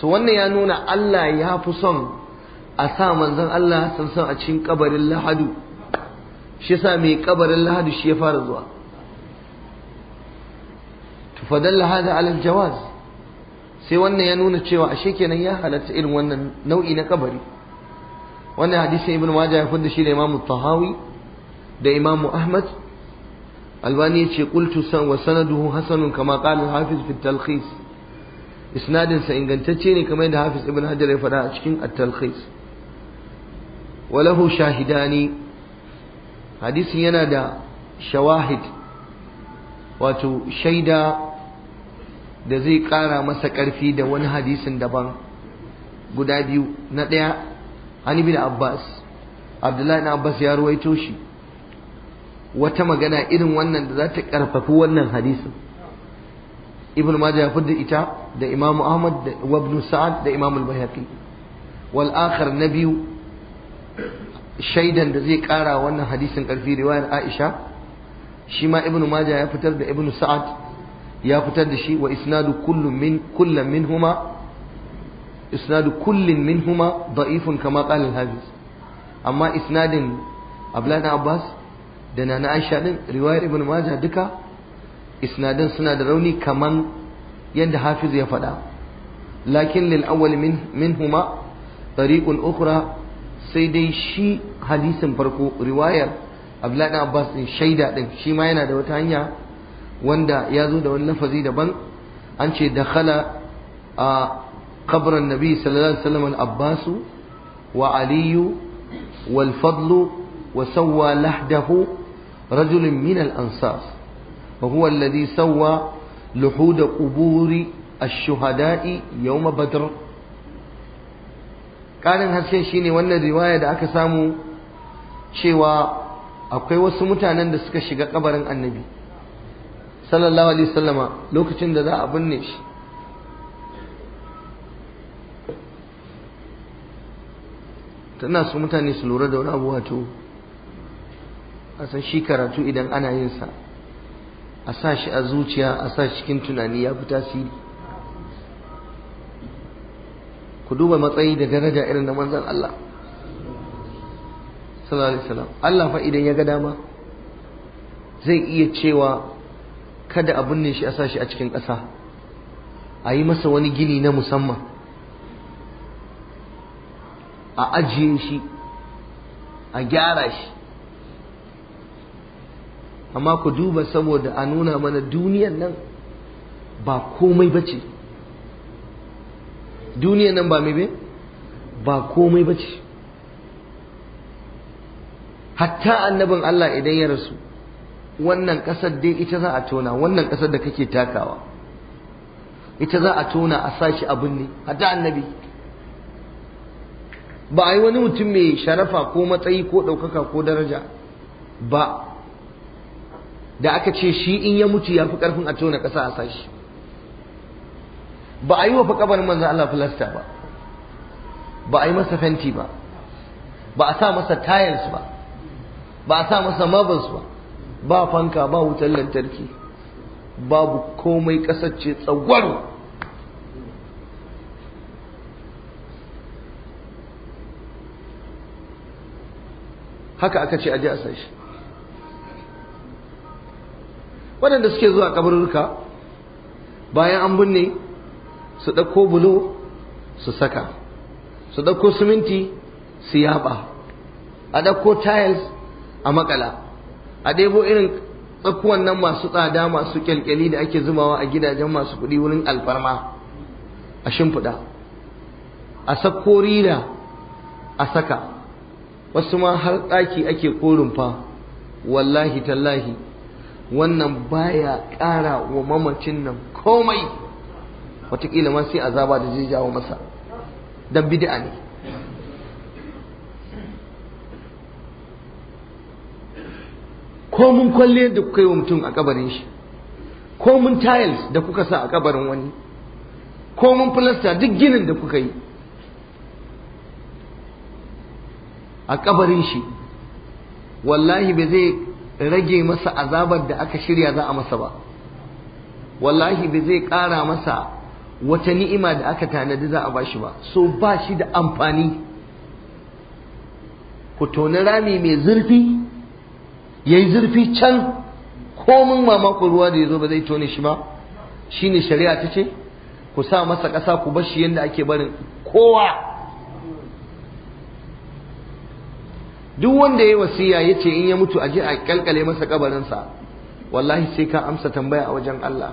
so wannan ya nuna Allah ya fi son a sa manzon Allah san a cikin kabarin lahadu shi sa mai kabarin lahadu shi ya fara zuwa tufadalla hada alal jawaz sai wannan ya nuna cewa ashe kenan ya halatta irin wannan nau'i na kabari wannan hadisin ibn majah ya fudda shi da imamu tahawi da imamu ahmad albani ya ce qultu san wa sanaduhu hasanun kama qala al-hafiz fi talkhis isnadinsa ingantacce ne kamar yadda hafiz ibn hajar ya faɗa a cikin at-talkhis walahu shahidani hadisin yana da shawahid wato shaida da zai ƙara masa ƙarfi da wani hadisin daban guda biyu na ɗaya hani bin abbas abdullahi abbas ya ruwaito shi wata magana irin wannan da za ta ƙarfafi wannan hadisin ibn majah ya fidda ita da Imam Ahmad wa Ibn Sa'ad da Imam al Wal'akar na biyu shaidan da zai kara wannan hadisin karfi riwayar Aisha shi ma Ibn Majah ya fitar da Ibn Sa'ad ya fitar da shi wa isnadu kullun min kullun minhuma isnadu kullin minhuma da'ifun kama qala al amma isnadin Abdullahi Abbas da Nana Aisha din riwayar Ibn Majah duka isnadan suna da rauni kaman yadda Hafizu ya faɗa lakin lil awwal minhuma tariqun ukhra sai dai shi hadisin farko riwayar Abdullahi Abbas din shaida din shi ma yana da wata hanya wanda ya zo da wani lafazi daban an ce dakhala a qabran nabi sallallahu alaihi wasallam al-Abbas wa Aliyu wal fadl wa sawwa lahdahu rajulin min al-ansas wa huwa alladhi sawwa لحود قبور الشهداء يوم بدر ƙarin harshe shine wannan riwaya da aka samu cewa akwai wasu mutanen da suka shiga kabarin annabi sallallahu alaihi wasallama lokacin da za a binne shi tana su mutane su lura da wani abu wato a san shi karatu idan ana yin sa a sa shi a zuciya a sa shi cikin tunani ya fi tasiri ku duba matsayi da daraja irin na manzan Allah Allah fa idan ya ga dama zai iya cewa kada a ne shi a sa shi a cikin ƙasa a yi masa wani gini na musamman a ajiye shi a gyara shi amma ku duba saboda a nuna mana duniyan nan ba komai ba ce duniyan nan ba mai ba komai ba ce hatta annabin Allah idan ya rasu wannan ƙasar dai ita za a tona wannan ƙasar da kake takawa ita za a tona a sashi abin ne hatta annabi ba a yi wani mutum mai sharafa ko matsayi ko ɗaukaka ko daraja ba da aka ce shi in ya mutu ya fi karfin a tona ƙasa a sashi ba a yi wa fa kabarin manzon Allah filasta ba ba a yi masa fenti ba ba a sa masa tayans ba ba a sa masa marbles ba ba fanka ba wutar lantarki babu komai ƙasar ce haka aka ce a ji a sashi waɗanda suke zuwa kabarurka bayan an binne su ɗauko bulo su saka su ɗauko siminti su yaɓa a ɗauko tiles a makala a ɗebo irin tsakuwan nan masu tsada masu kyalkyali da ake zubawa a gidajen masu kuɗi wurin alfarma a shimfiɗa a sakko rira a saka wasu ma har ɗaki ake korumfa wallahi tallahi wannan baya ƙara wa mamacin nan komai watakila ma sai azaba da zai jawo masa dan bid'a ne ko mun kwalle da kuka yi wa mutum a kabarin shi ko mun tiles da kuka sa a kabarin wani ko mun filasta duk ginin da kuka yi a kabarin shi wallahi ba zai rage masa azabar da aka shirya za a masa ba wallahi bai zai ƙara masa wata ni'ima da aka tanadi za a ba shi ba so ba shi da amfani ku toni rami mai zurfi ya yi zurfi can komin mamakon ruwa da ya zo ba zai tone shi ba Shi ne shari'a ta ce ku sa masa ƙasa ku bar shi yadda ake barin kowa duk wanda ya yi wasiya ya ce in ya mutu a je a kalkale masa kabarinsa wallahi sai ka amsa tambaya a wajen Allah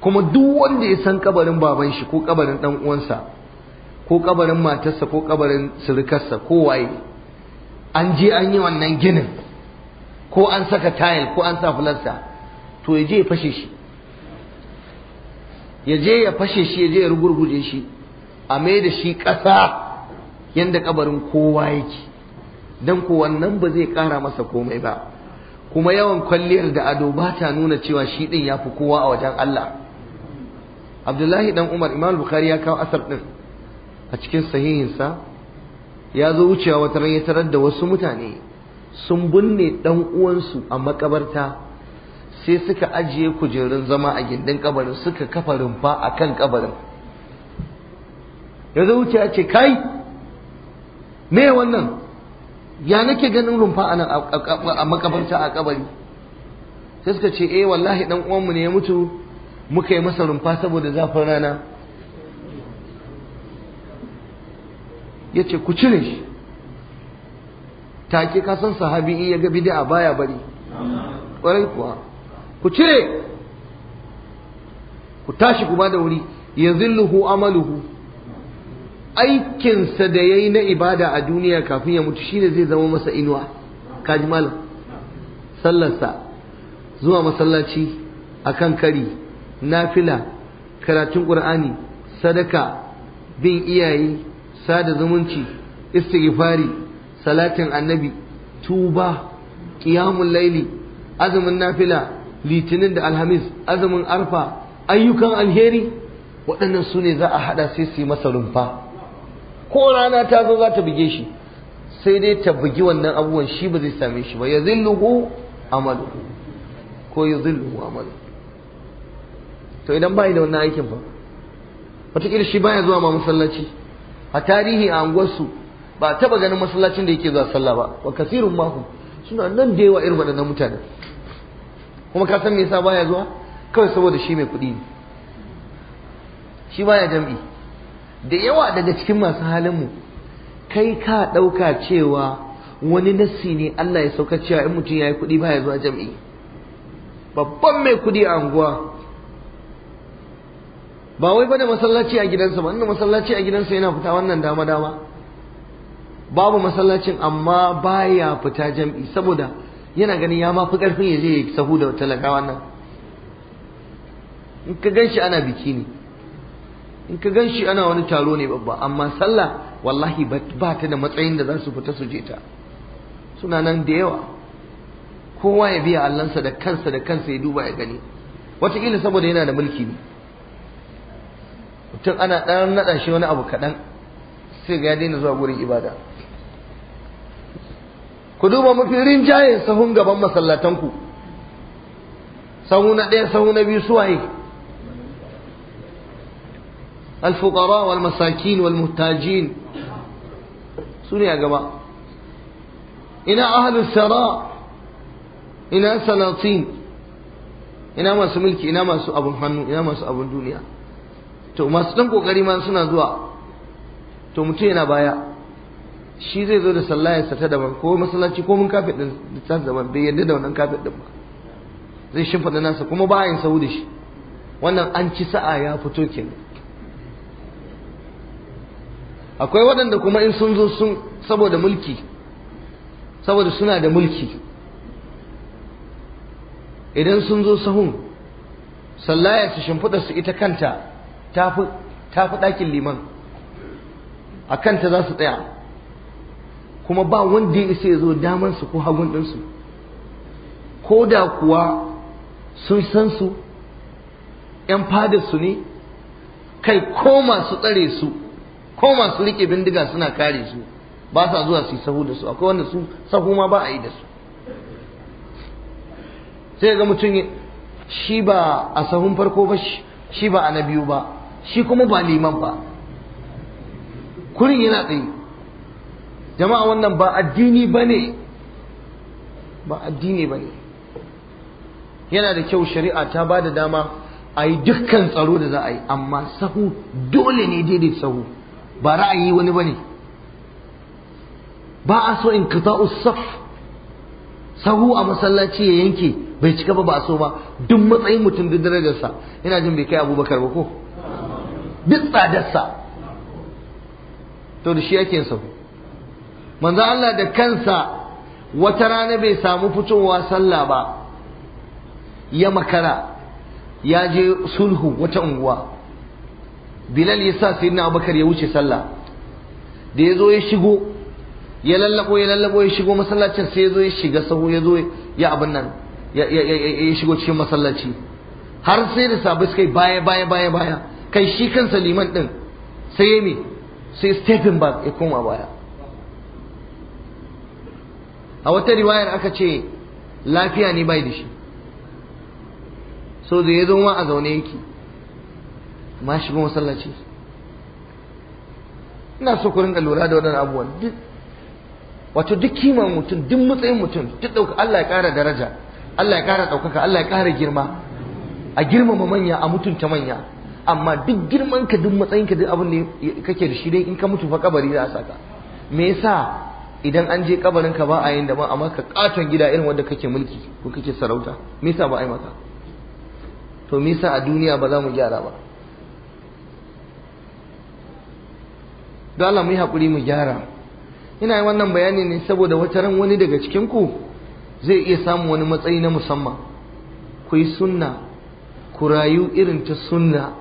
kuma duk wanda ya san kabarin baban shi ko kabarin dan uwansa ko kabarin matarsa ko kabarin sirikarsa, ko waye an je an yi wannan ginin ko an saka tayil ko an sa fularsa to ya je ya fashe shi ya je ya fashe shi ya je ya rugurguje shi a mai da shi ƙasa yanda kabarin kowa yake don ko wannan ba zai kara masa komai ba kuma yawan kwalliyar da ado ba ta nuna cewa shi din ya fi kowa a wajen Allah Abdullahi dan Umar Imam Bukhari ya kawo asar din a cikin sahihinsa ya zo wucewa wata ran ya tarar da wasu mutane sun binne dan uwansu a makabarta sai suka ajiye kujerun zama a gindin kabarin suka kafa rumfa akan kabarin ya zo wucewa ce kai me wannan ya nake ganin rumfa anan a makabarta a kabari sai suka ce eh wallahi dan uwanmu ne ya mutu muka yi masa rumfa saboda zafin rana ya ce ku cire shi take ka san sahabi in ya ga bid'a baya bari kwarai kuwa ku cire ku tashi ku bada da wuri yanzu luhu amaluhu aikinsa da ya yi na ibada a duniya kafin ya mutu shine zai zama masa inuwa kaji malam sallarsa zuwa masallaci akan kari nafila karatun ƙur'ani sadaka bin iyaye sada zumunci istighfari salatin annabi tuba ƙiyamun laili azumin nafila litinin da alhamis azumin arfa ayyukan alheri waɗannan su ne za a haɗa sai su yi masa rumfa ko rana ta zo za ta buge shi sai dai ta bugi wannan abubuwan shi ba zai same shi ba ya zilluhu amaluhu ko ya zilluhu amalu to idan bai da wannan aikin ba wataƙila shi baya zuwa ma masallaci a tarihi a anguwarsu ba taba ganin masallacin da yake zuwa sallah ba wa kasirun mahu suna nan da yawa irin waɗannan mutane kuma ka san me yasa baya zuwa kawai saboda shi mai kuɗi ne shi baya jam'i da yawa daga cikin masu halinmu kai ka ɗauka cewa wani nasi ne Allah ya sauka cewa in mutum ya yi kuɗi baya zuwa jam'i babban mai kuɗi a anguwa ba wai ba da masallaci a gidansa ba inda masallaci a gidansa yana fita wannan dama dama babu masallacin amma baya fita jam'i saboda yana ganin ya ma fi ƙarfin ya je ya sahu da talakawa nan in ka gan shi ana biki ne in ka gan shi ana wani taro ne babba amma sallah wallahi ba ta da matsayin da za su fita su je ta suna nan da yawa kowa ya biya allansa da kansa da kansa ya duba ya gani wataƙila saboda yana da mulki ne mutum ana ɗan naɗa shi wani abu kaɗan sai ga ya daina zuwa gurin ibada ku duba mafi rinjaye sahun gaban masallatanku sahu na ɗaya sahu na biyu suwaye الفقراء والمساكين والمحتاجين سوني يا ne a أهل الثراء ahalin سلاطين ina ما ina masu ما سو masu الحنو hannu ما سو أبو الدنيا to masu ɗan ƙoƙari ma suna zuwa to mutum yana baya shi zai zo da ya ta daban ko masallaci ko mun kafe ɗin ta daban bai yadda da wannan kafe ɗin ba zai shimfiɗa nasa kuma ba yin sahu da shi wannan an ci sa'a ya fito kenan akwai waɗanda kuma in sun zo sun saboda mulki saboda suna da mulki idan sun zo sahun sallaya su shimfiɗa su ita kanta ta fi ɗakin liman a kanta za su tsaya kuma ba wanda ya isa ya zo damansu ko hagun ɗinsu ko da kuwa sun san su ‘yan fadarsu ne kai ko masu tsare su ko masu rike bindiga suna kare su ba sa zuwa su yi sahu da su akwai wanda su sahu ma ba a yi da su sai ga mutum shi ba a sahun farko ba shi ba a na biyu ba shi kuma ba liman ba kurin yana tsaye jama'a wannan ba addini ba ne ba addini ba ne yana da kyau shari'a ta ba da dama a yi dukkan tsaro da za a yi amma sahu dole ne daidai sahu ba ra'ayi wani bane ba a so in kita usaf sahu a masallaci ya yanke bai cika ba ba a so ba duk matsayin mutum duk darajarsa ina jin bai kai abubakar ba ko duk tsadarsa to da shi yake sahu manzo Allah da kansa wata rana bai samu fitowa sallah ba ya makara ya je sulhu wata unguwa bilal ya sa sayyidina abubakar ya wuce sallah da ya zo ya shigo ya lallako ya lallako ya shigo masallacin sai ya zo ya shiga sahu ya zo ya abin nan ya shigo cikin masallaci har sai da sabu suka baya baya baya baya kai shi kansa liman din sai ya mi sai stephen back ya koma baya a wata riwayar aka ce lafiya ne bai da shi so da ya zo ma a zaune yake ma shigo masallaci ina so ku rinka lura da waɗannan abubuwan wato duk kiman mutum duk matsayin mutum duk ɗauka Allah ya ƙara daraja Allah ya ƙara ɗaukaka Allah ya ƙara girma a girmama manya a mutunta manya amma duk girman ka duk matsayin ka duk abin da kake da shi dai in ka mutu fa kabari za a saka me yasa idan an je kabarin ka ba a yin da ba amma ka katon gida irin wanda kake mulki ko kake sarauta me yasa ba a yi maka to me yasa a duniya ba za mu gyara ba don Allah mu yi haƙuri mu gyara ina yi wannan bayani ne saboda wata ran wani daga cikin ku zai iya samun wani matsayi na musamman ku yi sunna ku rayu irin ta sunna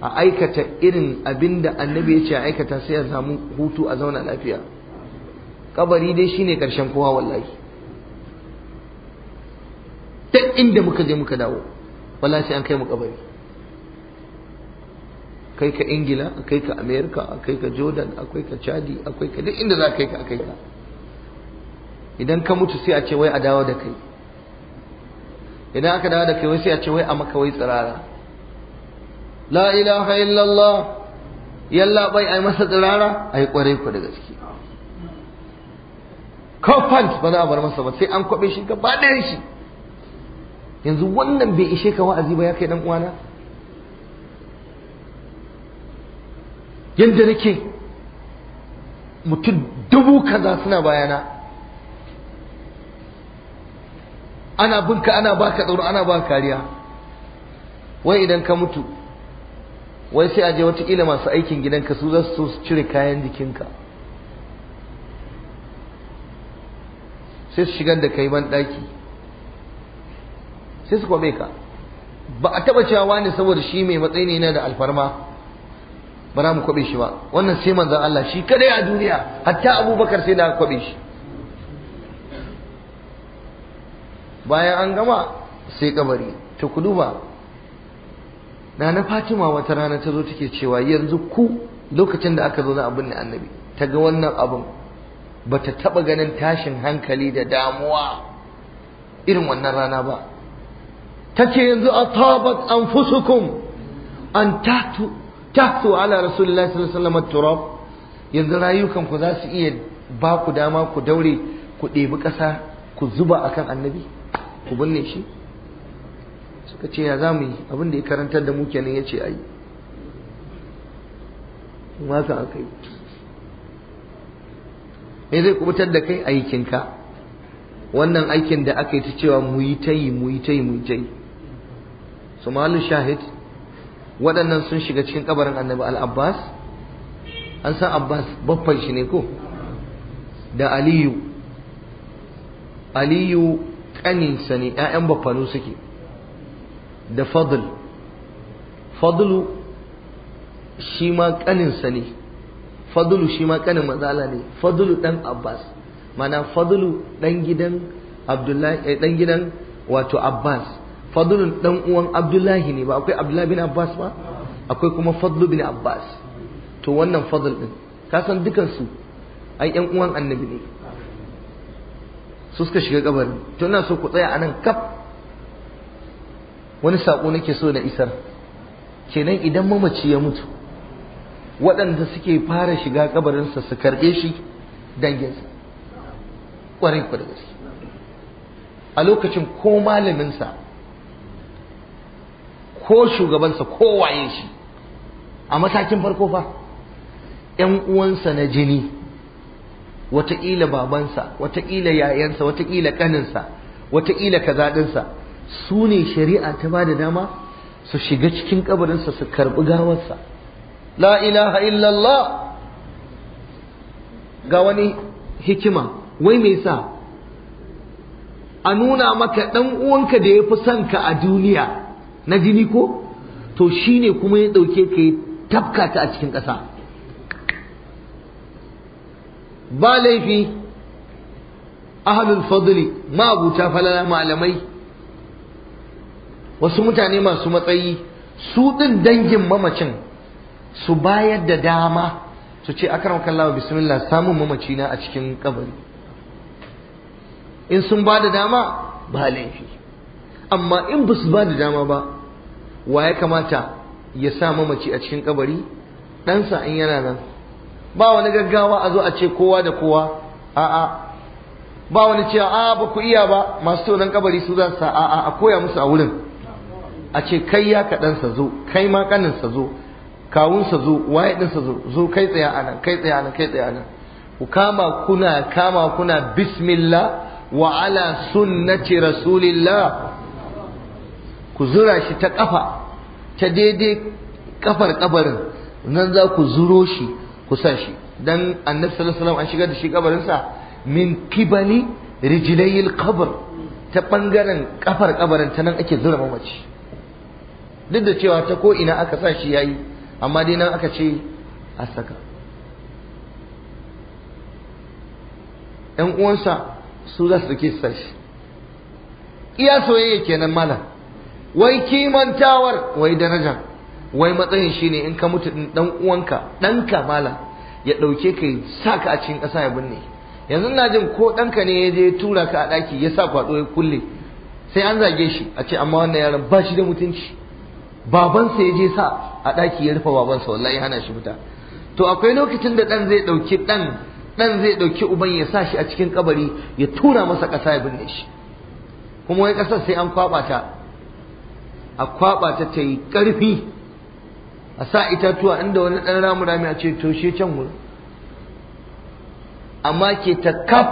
a aikata irin abin da annabi ya ce a aikata sai a samu hutu a zauna lafiya kabari dai shine karshen kowa wallahi duk inda muka je muka dawo wallahi an kai mu kabari kai ka ingila kai ka amerika kai ka jordan akwai ka chadi akwai ka duk inda za kai ka kai ka idan ka mutu sai a ce wai a dawo da kai idan aka dawo da kai wai sai a ce wai a maka wai tsirara la ilaha illallah yalla bai ai masa tsirara ai kware ku da gaske fant ba za a bar masa ba sai an kwabe shi gaba ɗayan shi yanzu wannan bai ishe ka wa'azi ba ya kai dan uwana yadda nake mutum dubu kaza suna bayana ana binka ana baka tsoro ana ba kariya wai idan ka mutu wai sai a je watakila masu aikin gidanka su za cire kayan jikinka sai su shigar da kai ban daki sai su kwabe ka ba a taba cewa wani saboda shi mai matsayi ne na da alfarma ba za mu kwabe shi ba wannan sai manzon Allah shi kadai a duniya hatta abubakar sai da kwabe shi bayan an gama sai kabari ta ku duba na na fatima wata rana ta zo take cewa yanzu ku lokacin da aka zo na abin da annabi ta ga wannan abin ba ta taɓa ganin tashin hankali da damuwa irin wannan rana ba ta ce yanzu a anfusukum an tatu tahtu ala rasulillahi sallallahu alaihi wasallam turab yanzu rayukan ku za su iya ba ku dama ku daure ku ɗebi ƙasa ku zuba akan annabi ku binne shi suka ce ya zamu yi abin da ya karantar da mu kenan yace ayi ma ka yi, me zai kubutar da kai aikinka wannan aikin da aka yi ta cewa mu yi ta yi mu yi ta yi mu yi ta yi su malu shahid waɗannan sun shiga cikin kabarin annabi al-abbas an san abbas babban shi ne ko da aliyu aliyu ƙaninsa ne 'ya'yan babbanu suke da fadl fadlu shi ma ƙaninsa ne fadlu shi ma ƙanin matsala ne fadlu ɗan abbas mana fadlu ɗan gidan abdullahi eh, ɗan gidan wato abbas fadlun dan uwan abdullahi ne ba akwai abdullahi bin abbas ba akwai kuma fadlu bin abbas to wannan fadl din ka san dukan su ai yan uwan annabi ne su suka shiga kabari to ina so ku tsaya anan kaf wani sako nake so na isar kenan idan mamaci ya mutu waɗanda suke fara shiga kabarinsa su karɓe shi danginsa ƙwarai ku da a lokacin ko malaminsa ko shugabansa ko waye shi a matakin farko fa ƴan uwansa na jini wataƙila babansa wataƙila yayansa wataƙila ƙaninsa wataƙila kazaɗinsa su ne shari'a ta ba da dama su shiga cikin ƙabarinsa su karɓi gawarsa la ilaha illallah ga wani hikima wai me sa a nuna maka ɗan uwanka da ya fi son ka a duniya na jini ko to shi ne kuma ya ɗauke ka yi tafka ta a cikin ƙasa ba laifi ahlul fadli ma abuta falala malamai wasu mutane masu matsayi su ɗin dangin mamacin su bayar da dama su ce a akaram kallawa bismillah samun mamacina a cikin kabari in sun ba da dama ba laifi amma in ba su ba da dama ba wa ya kamata ya sa mamaci a cikin kabari ɗansa in yana nan ba wani gaggawa a zo a ce kowa da kowa a'a ba wani cewa a ba ku iya ba masu tonon kabari su za su a'a a koya musu a wurin a ce kai ya kaɗansa zo kai ma ƙaninsa zo kawunsa zo waye ɗinsa zo zo kai tsaya a nan kai tsaya a nan kai tsaya a nan ku kama kuna kama kuna bismillah wa ala sunnati rasulillah ku zura shi ta kafa ta daidai kafar ƙabarin nan za ku zuro shi ku sa shi don annabi sallallahu alaihi an shigar da shi kabarinsa min kibani rijilayil ƙabar ta bangaren kafar kabarin ta nan ake zura mamaci duk da cewa ta ko ina aka sa shi yayi amma dai nan aka ce a saka ‘yan uwansa su za su ke sa shi iya soyayya kenan malam wai kimantawar wai daraja wai matsayin shine in ka mutu dan uwanka ɗanka mala ya ɗauke ka sa a cikin kasa ya binne yanzu na jin ko ɗanka ne ya je tura ka a ɗaki ya sa kwaɗo ya kulle sai an zage shi a ce amma wannan yaron ba shi da mutunci babansa ya je sa a daki ya rufe babansa wallahi hana shi fita to akwai lokacin da ɗan zai dauki ɗan dan zai ɗauki uban ya sa shi a cikin kabari ya tura masa ƙasa ya binne shi kuma wai ƙasar sai an kwaba ta a kwaɓa ta ta yi ƙarfi a sa itatuwa inda wani ɗan ramu rami a ce toshe can wuri amma ke ta kaf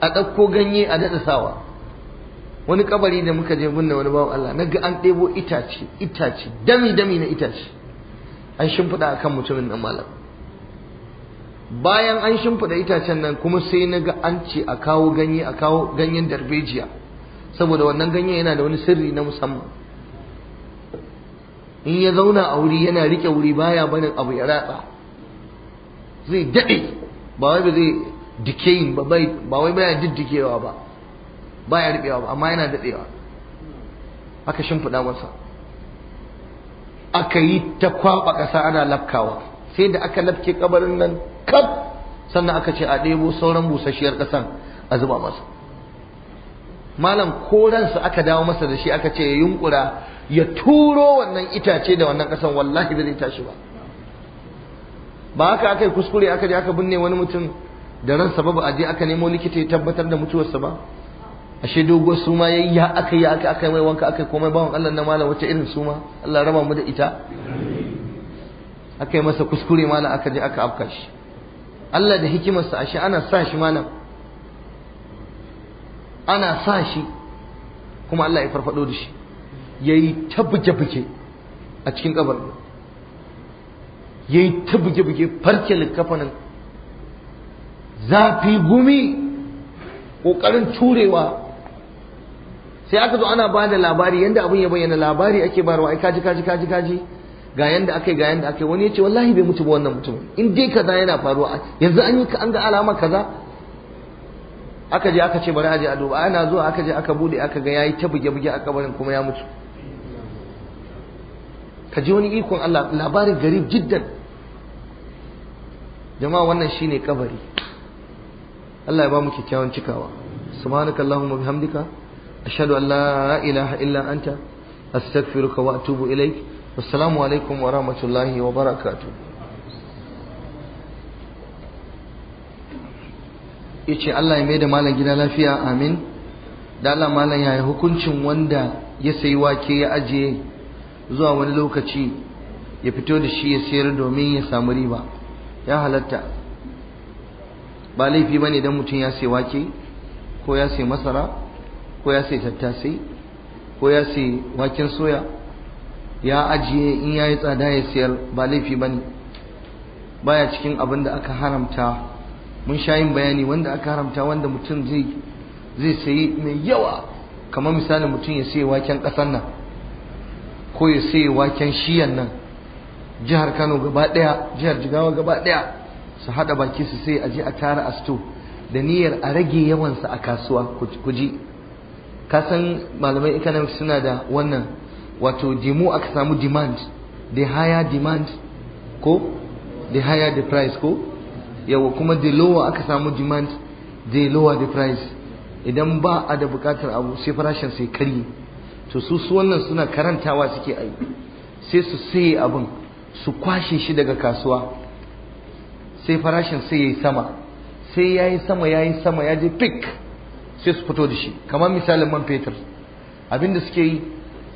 a ɗauko ganye a daɗa sawa wani ƙabari da muka je binne wani bawan Allah na ga an ɗebo itace itace dami dami na itace an shimfiɗa a kan mutumin nan malam bayan an shimfiɗa itacen nan kuma sai na ga an ce a kawo ganye a kawo ganyen darbejiya saboda wannan ganyen yana da wani sirri na musamman in ya zauna a wuri yana rike wuri baya barin abu ya ratsa zai daɗe ba wai ba zai yin ba ba wai baya diddikewa ba baya riɓewa ba amma yana daɗewa aka shimfiɗa masa aka yi ta kwaɓa ƙasa ana lafkawa sai da aka lafke kabarin nan kaf sannan aka ce a ɗebo sauran busasshiyar ƙasan a zuba masa malam ko ransa aka dawo masa da shi aka ce ya yunkura ya turo wannan itace da wannan kasan wallahi bai tashi ba ba haka aka yi kuskure aka je aka binne wani mutum da ran sababu aje aka nemo likita ya tabbatar da mutuwarsa ba ashe dogo suma yayi ya aka yi aka aka mai wanka aka komai bawan Allah na malam wace irin suma Allah raba mu da ita aka yi masa kuskure malam aka je aka afka shi Allah da hikimarsa ashe ana sa shi malam ana sa shi kuma Allah ya farfado da shi yayi ta buge a cikin kabarin yayi ta buge-buge farke likafanin zafi gumi ƙoƙarin turewa sai aka zo ana ba da labari yanda abin ya bayyana labari ake barwa, ai kaji kaji kaji kaji ga yanda akai ga yanda akai wani ya ce wallahi bai mutu ba wannan mutumin in dai kaza yana faruwa yanzu an yi ka an ga alama kaza aka je aka ce bari aje a duba ana zuwa aka je aka bude aka ga yayi ta buge buge a kabarin kuma ya mutu ka ji wani ikon Allah labarin garib jiddan jama'a wannan shine kabari Allah ya ba mu kyakkyawan cikawa subhanaka allahumma bihamdika ashhadu an la ilaha illa anta astaghfiruka wa atubu ilaik wassalamu alaikum wa rahmatullahi wa barakatuh yace Allah ya mai da malam gida lafiya amin da Allah malam ya yi hukuncin wanda ya sayi wake ya ajiye zuwa wani lokaci ya fito da shi ya sayar domin ya samu riba ya halatta ba laifi bane dan mutum ya sayi wake ko ya sayi masara ko ya sayi tattasai ko ya sayi waken soya ya ajiye in yayi tsada ya sayar ba laifi bane baya cikin abin da aka haramta mun sha yin bayani wanda aka haramta wanda mutum zai zai sayi mai yawa kamar misalin mutum ya sayi waken ƙasar nan ko ya sayi waken shiyan nan jihar Kano gaba ɗaya jihar Jigawa gaba ɗaya su haɗa baki su sai a je a tara a sto da niyyar a rage yawansa a kasuwa ku ji ka san malamai economics suna da wannan wato demo aka samu demand the higher demand ko the higher the price ko yawa kuma the lower aka samu demand the lower the price idan ba a da bukatar abu sai farashin sai kari to su su wannan suna karantawa suke ai sai su sai abin su kwashe shi daga kasuwa sai farashin sai yayi sama sai yayi sama yayi sama ya je pick sai su fito da shi kamar misalin man fetur abinda suke yi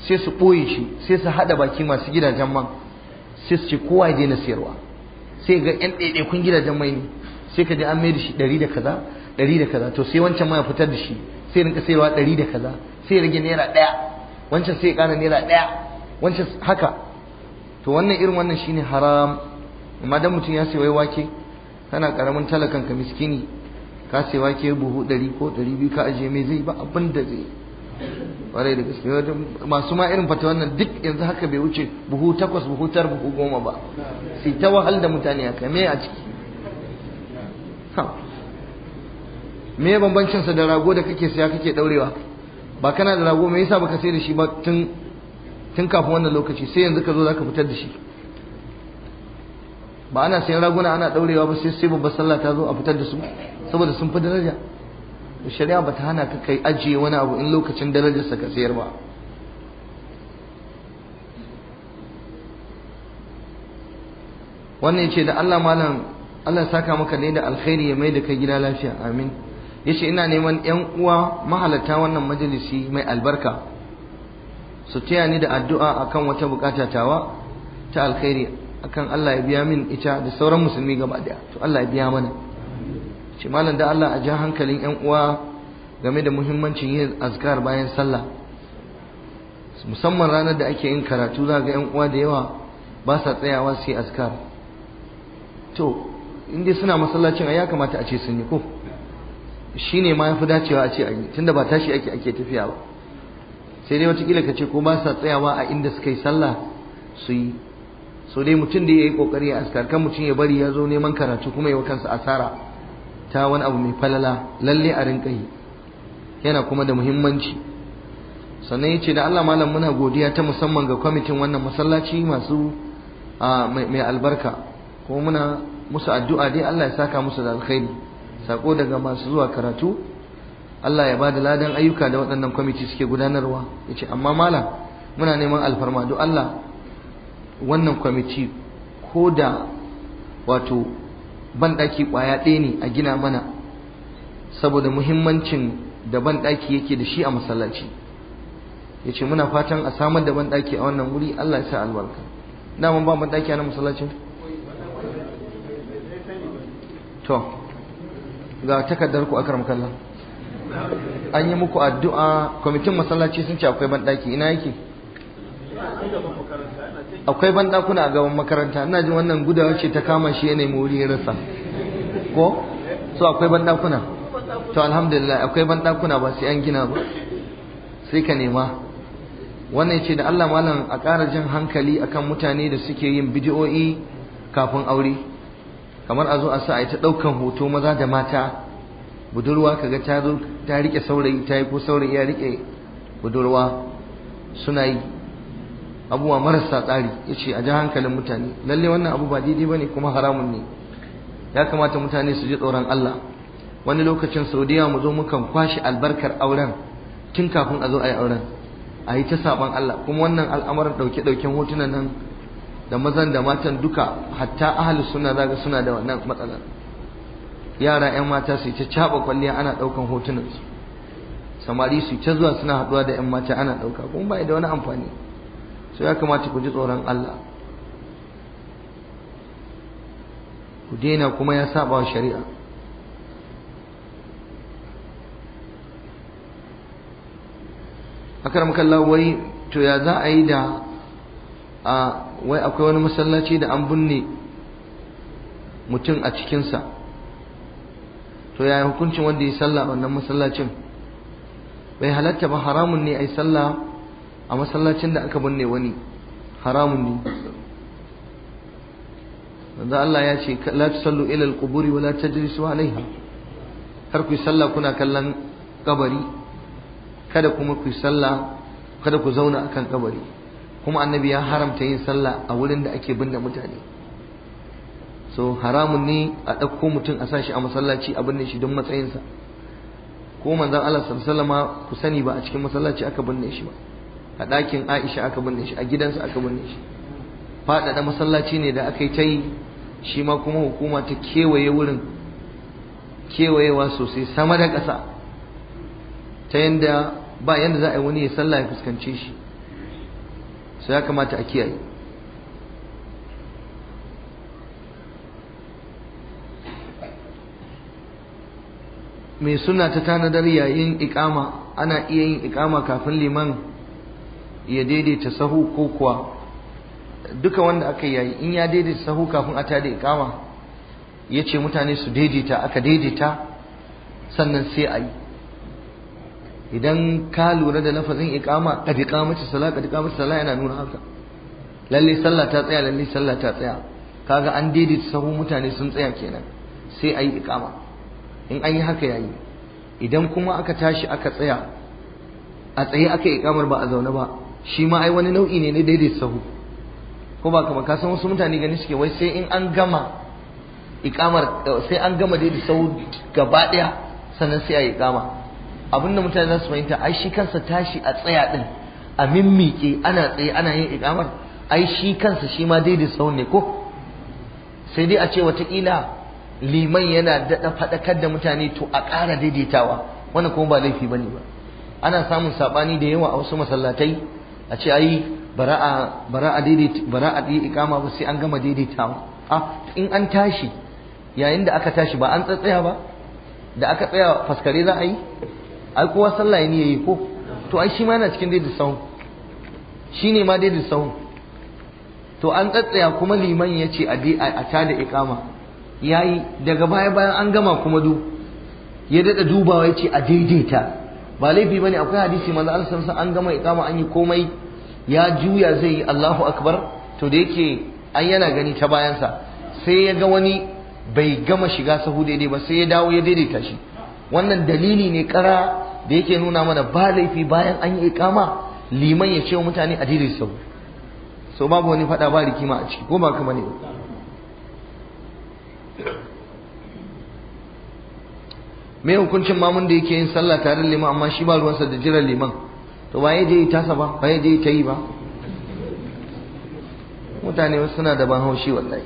sai su ɓoye shi sai su haɗa baki masu gidajen man sai su ce kowa ya daina siyarwa sai ga yan ɗaiɗaikun gidajen mai ne sai ka ji an mai da shi ɗari da kaza ɗari da kaza to sai wancan ma ya fitar da shi sai rinka sayarwa ɗari da kaza sai rage naira ɗaya wancan sai ya ƙara naira ɗaya wancan haka to wannan irin wannan shine haram amma dan mutum ya sayi wake kana karamin talakan ka miskini ka sayi wake buhu ɗari ko ɗari biyu ka ajiye mai zai ba abin da zai kwarai da gaske wajen masu ma irin fata wannan duk yanzu haka bai wuce buhu takwas buhu tar buhu goma ba sai ta wahal da mutane haka me a ciki me bambancin sa da rago da kake siya kake daurewa ba kana da rago me yasa baka sai da shi ba tun tun kafin wannan lokaci sai yanzu ka zo zaka fitar da shi ba ana sayan raguna ana daurewa ba sai sai babbar sallah ta zo a fitar da su saboda sun fi daraja shari'a ba ta hana ka kai ajiye wani abu in lokacin darajarsa ka sayar ba wannan ce da Allah malam Allah saka maka ne da alkhairi ya mai da kai gida lafiya amin yace ina neman yan uwa mahalarta wannan majalisi mai albarka su taya ni da addu'a akan wata bukata tawa ta alkhairi akan Allah ya biya min ita da sauran musulmi gaba daya to Allah ya biya mana ce malam da Allah a ja hankalin yan uwa game da muhimmancin yin azkar bayan sallah musamman ranar da ake yin karatu za ga yan uwa da yawa ba sa tsayawa su yi azkar to in dai suna masallacin a ya kamata a ce sun yi ko Shi ne ma yafi dacewa a ce a yi tunda ba tashi ake ake tafiya ba sai dai wataƙila ka ce ko ba sa tsayawa a inda suka yi sallah su yi so dai mutum da ya yi kokari a askar kan mutum ya bari ya zo neman karatu kuma ya kansa asara ta wani abu mai falala lalle a rinka yi yana kuma da muhimmanci sannan ya ce da Allah malam muna godiya ta musamman ga kwamitin wannan masallaci masu mai albarka ko muna musu addu'a dai Allah ya saka musu da alkhairi sako daga masu zuwa karatu Allah ya da ladan ayyuka da waɗannan kwamiti suke gudanarwa ya ce amma malam muna neman alfarma Allah wannan kwamiti ko da wato ban ɗaki ƙwaya ɗaya ne a gina mana saboda muhimmancin da ban yake da shi a masallaci ya ce muna fatan a samar da ban a wannan wuri Allah ya sa albarka daman ba ban a nan masallacin to ga takardar ku akram kallah an yi muku addu'a kwamitin masallaci sun ce akwai ban ina yake akwai bandakuna a gaban makaranta ina jin wannan gudawa ce ta kama shi yanayi nemi ya rasa ko so akwai bandakuna to alhamdulillah akwai bandakuna ba sai an gina ba sai ka nema wannan ce da Allah malam a ƙara jin hankali akan mutane da suke yin bidiyo'i kafin aure kamar a zo a sa a yi ta ɗaukan hoto maza da mata budurwa kaga ta zo ta riƙe saurayi ta yi ko saurayi ya riƙe budurwa suna yi abubuwa marasa tsari ya ce a ji hankalin mutane lalle wannan abu ba daidai ba ne kuma haramun ne ya kamata mutane su ji tsoron Allah wani lokacin saudiya mu zo mukan kwashe albarkar auren tun kafin a zo a yi auren a yi ta saban Allah kuma wannan al'amarin ɗauke-ɗauken hotunan nan da mazan da matan duka hatta ahalus suna zaga suna da wannan matsalar yara 'yan mata su yi ta caɓa kwalliya ana ɗaukan su samari su ta zuwa suna haɗuwa da 'yan mata ana ɗauka kuma ba da wani amfani so ya kamata ku ji tsoron Allah ku daina kuma ya saba wa shari'a akram kallahu wai to ya za a yi da a wai akwai wani masallaci da an binne mutum a cikinsa to yaya hukuncin wanda ya salla wannan masallacin bai halatta ba haramun ne a yi sallah a masallacin da aka binne wani haramun ne da Allah ya ce la tusallu ila al-quburi tajlisu alaiha kar ku sallah kuna kallon kabari kada kuma ku sallah kada ku zauna akan kabari kuma annabi ya haramta yin sallah a wurin da ake binne mutane so haramun ne a ɗauko mutum a sashi a masallaci a binne shi don matsayinsa ko manzon Allah sallallahu alaihi ku sani ba a cikin masallaci aka binne shi ba a ɗakin Aisha aka binne shi a gidansa aka binne shi faɗaɗa masallaci ne da aka yi ta yi shi ma kuma hukuma ta kewaye wurin kewayewa sosai sama da ƙasa ta yadda ba yadda za a yi wani ya sallah ya fuskanci shi su ya kamata a kiyaye mai suna ta tanadar yayin ikama ana iya yin ikama kafin liman ya daidaita sahu ko kuwa duka wanda aka yi in ya daidaita sahu kafin a tada ikama ya ce mutane su daidaita aka daidaita sannan sai a yi idan ka lura da lafazin ikama kad sala salat kad iqamati sala yana nuna haka lalle sallah ta tsaya lalle sallah ta tsaya kaga an daidaita sahu mutane sun tsaya kenan sai ayi ikama in an yi haka yayi idan kuma aka tashi aka tsaya a tsaye aka ikamar ba a zaune ba shi ma ai wani nau'i ne na daidai sahu ko ba kamar ka san wasu mutane gani suke wai sai in an gama ikamar sai an gama daidai sahu gaba daya sannan sai a yi abinda mutane za su fahimta ai shi kansa tashi a tsaya din a mimmike ana tsaye ana yin ikamar ai shi kansa shi ma daidai sahu ne ko sai dai a ce watakila liman yana daɗa faɗakar da mutane to a ƙara daidaitawa wannan kuma ba laifi bane ba ana samun saɓani da yawa a wasu masallatai a ce ai bara bara'a daidaita ikama ba sai an gama daidaita a ah, in an tashi yayin da aka tashi ba an tsatsaya ba da aka tsaya faskare za a yi ai kowa sallah ne yayi ko to ai shi ma yana cikin daidaita sahun shi ne ma daidaita sahun to an tsatsaya kuma liman ya ce a da ikama yayi daga baya bayan an gama kuma du ya dada dubawa ya ce a daidaita ba laifi bane akwai hadisi manzo Allah san an gama iqama an yi komai ya juya zai yi Allahu akbar to da yake an yana gani ta bayansa sai ya ga wani bai gama shiga sahu daidai ba sai ya dawo ya daidaita shi wannan dalili ne kara da yake nuna mana ba laifi bayan an yi iqama liman ya ce wa mutane a daidaita sahu so babu wani fada ba rikima a ciki ko ba kamar ne me hukuncin mamun da yake yin sallah tare liman amma shi ba ruwansa da jiran liman to waye je yi tasa ba waye je ta yi ba mutane wasu suna da ban haushi wallahi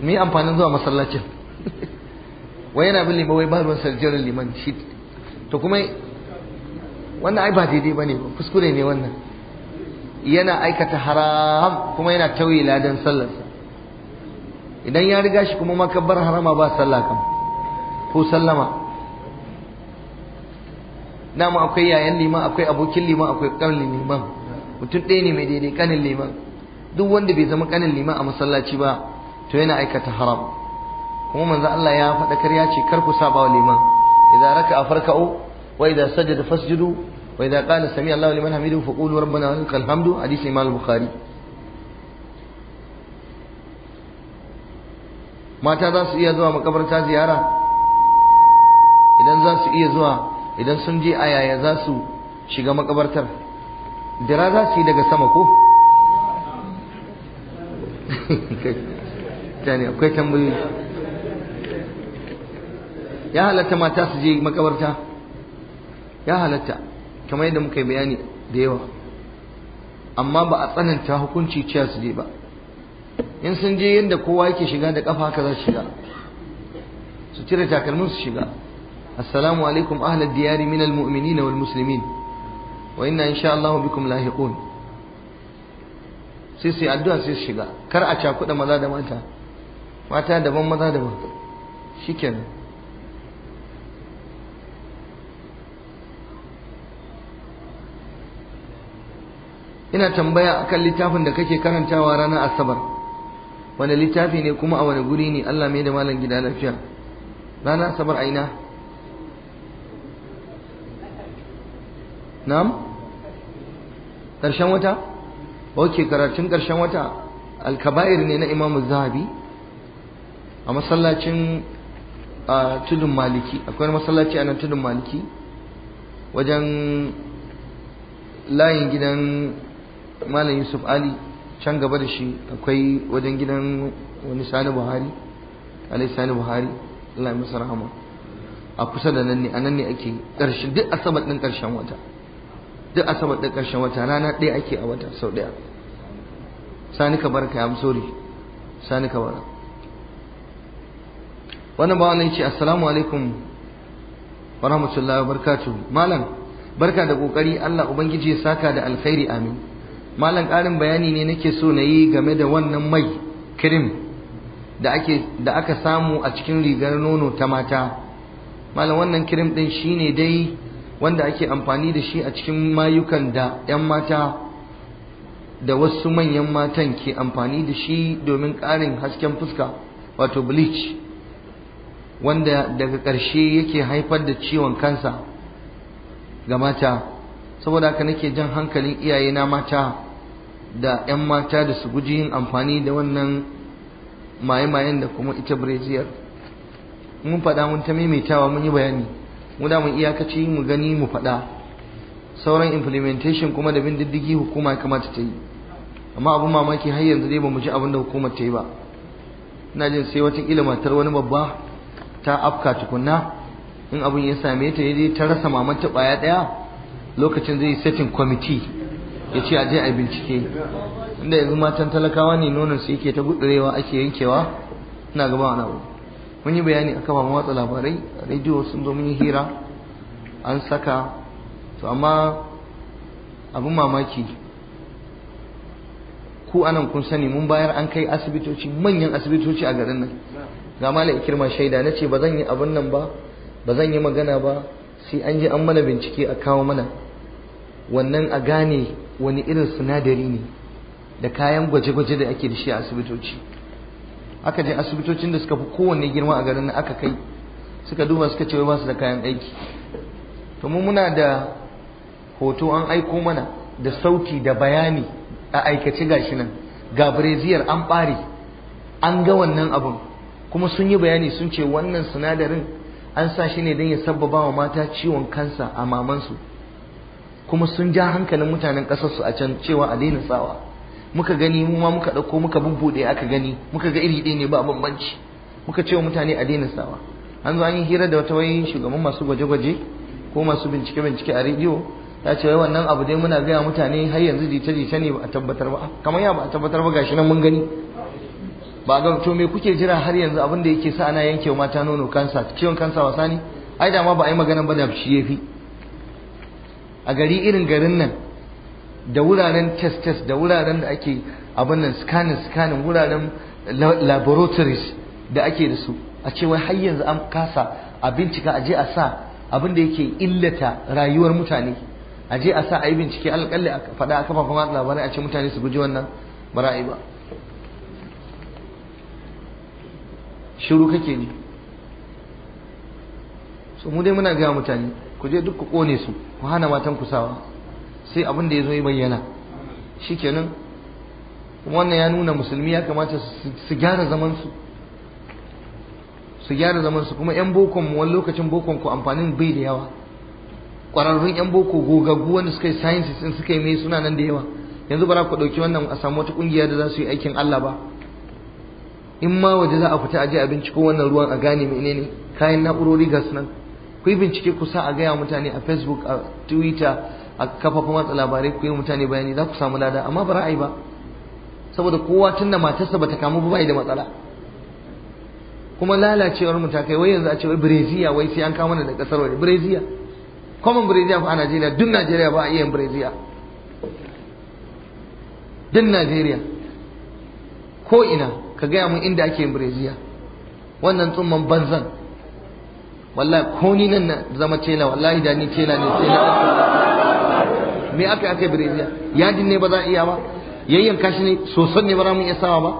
me amfanin zuwa masallacin wai yana bin liman wai ba ruwansa da jiran liman shi to kuma wannan ai ba daidai bane ba kuskure ne wannan yana aikata haram kuma yana tauye ladan sa. idan ya riga shi kuma makabbar harama ba sallah kan ko sallama namu akwai yayan liman akwai abokin liman akwai kanin liman mutum ɗaya ne mai daidai kanin liman duk wanda bai zama kanin liman a masallaci ba to yana aikata haram kuma manzo Allah ya faɗa karya ce kar ku saba wa liman idza raka'a farka'u wa idza sajada fasjudu wa idza qala sami Allahu liman hamidu faqulu rabbana lakal hamdu hadisi Imam Bukhari mata za su iya zuwa makabarta ziyara idan za su iya zuwa idan sun je a yaya za su shiga makabartar dira za su yi daga sama ko tani akwai tambayi ya halatta mata su je makabarta ya halatta kamar yadda muka yi bayani da yawa amma ba a tsananta hukunci cewa su je ba in sun je yadda kowa yake shiga da kafa haka za su shiga su cire takalmin su shiga السلام عليكم أهل الديار من المؤمنين والمسلمين وإنا إن شاء الله بكم لاحقون sai sai addu'a sai su shiga kar a cakuɗa maza da mata mata daban maza daban ina tambaya akan littafin da kake karantawa ranar asabar wani littafi ne kuma a wani guri ne Allah mai da malam gida lafiya ranar asabar a ina Nam? ƙarshen wata ok karatun ƙarshen wata alkaba'ir ne na imamu zahabi a masallacin tudun maliki akwai masallaci a nan tudun maliki wajen layin gidan malam yusuf ali can gaba da shi akwai wajen gidan wani sani buhari alai sani buhari allah ya masa rahama a kusa da nan ne a nan ne ake ƙarshen duk asabar ɗin ƙarshen wata duk asabar da ƙarshen wata rana ɗaya ake a wata sau ɗaya sani ka barka am sorry sani ka barka wannan ba wani ce assalamu alaikum wa rahmatullahi wa barakatuh malam barka da kokari Allah ubangiji ya saka da alkhairi amin malam ƙarin bayani ne nake so na yi game da wannan mai cream da ake da aka samu a cikin rigar nono ta mata malam wannan cream din shine dai wanda ake amfani da shi a cikin mayukan da 'yan mata da wasu manyan matan ke amfani da shi domin ƙarin hasken fuska wato bleach wanda daga ƙarshe yake haifar da ciwon kansa ga mata saboda haka nake jan hankalin iyaye na mata da 'yan mata da su guji yin amfani da wannan maye-mayen da kuma ita breziyar mun faɗa mun ta maimaitawa mun yi bayani mu da mu iyakaci mu gani mu faɗa sauran implementation kuma da bin diddigi hukuma ya kamata ta yi amma abin mamaki har yanzu dai ba mu ji abin da hukumar ta yi ba ina jin sai wata ilimantar wani babba ta afka tukunna in abin ya same ta ya ta rasa mamanta ta baya daya lokacin zai setting committee ya ce a je a bincike inda yanzu matan talakawa ne nonon su yake ta gudurewa ake yankewa ina gaba wani abu mun yi bayani a kafafen watsa labarai a rediyo sun zo mun yi hira an saka to amma abin mamaki ku anan kun sani mun bayar an kai asibitoci manyan asibitoci a garin nan ga mala ikirma shaida na ce ba zan yi abin nan ba ba zan yi magana ba sai an je an mana bincike a kawo mana wannan a gane wani irin sinadari ne da kayan gwaje-gwaje da ake da shi a asibitoci aka je asibitocin da suka fi kowanne girma a garin aka kai suka duba suka ce ba su da kayan aiki to mu muna da hoto an aiko mana da sauti da bayani a aikace gashi nan ga breziyar an bare an ga wannan abun kuma sun yi bayani sun ce wannan sinadarin an sa shi ne don ya sabbaba wa mata ciwon kansa a mamansu kuma sun ja hankalin mutanen ƙasarsu a can cewa a daina sawa. muka gani mu ma muka dauko muka bubbude aka gani muka ga iri ɗaya ne ba bambanci muka ce wa mutane a daina sawa an zo an yi hira da wata wai shugaban masu gwaje-gwaje ko masu bincike-bincike a rediyo ta ce wai wannan abu dai muna gaya mutane har yanzu jita-jita ne ba a tabbatar ba kamar ya ba a tabbatar ba gashi nan mun gani ba ga to me kuke jira har yanzu abin da yake sa ana yankewa mata nono kansa ciwon kansa wasa ne ai da ma ba a yi magana ba da shi yafi a gari irin garin nan da wuraren test test da wuraren da ake abin nan scanning scanning wuraren laboratories da ake da su a ce wai har yanzu an kasa a bincika a je a sa abin da yake illata rayuwar mutane a je a sa a yi bincike alƙalli a faɗa a kafafen watsa labarai a ce mutane su guji wannan bara'i ba shiru kake ne so mu dai muna gaya mutane ku je duk ku ƙone su ku hana matan kusawa sai abin da ya zo ya bayyana shi kuma wannan ya nuna musulmi ya kamata su gyara zamansu su gyara zamansu kuma yan bokon mu wani lokacin bokon ku amfanin bai da yawa ƙwararrun yan boko gogaggu wanda suka yi sciences din suka yi mai suna nan da yawa yanzu ba za ku ɗauki wannan a samu wata ƙungiya da za su yi aikin Allah ba in ma waje za a fita a aje a ko wannan ruwan a gane ne kayan na'urori ga nan ku yi bincike ku sa a gaya mutane a facebook a twitter a kafafin watsa labarai ku yi mutane bayani za ku samu lada amma ba ra'ayi ba saboda kowa tun da matarsa bata kamu ba bai da matsala kuma lalacewar mu ta kai wai yanzu a ce wai Brezia wai sai an kawo mana da kasar waje Brezia common Brezia fa a Najeriya duk Najeriya ba a iya yin Brezia duk Najeriya ko ina ka gaya mun inda ake yin Brezia wannan tsumman banzan wallahi ko ni nan zama tela wallahi da ni tela ne sai me aka aka bireziya yajin ne ba za a iya ba yayyanka shi ne sosan ne ba za mu iya sawa ba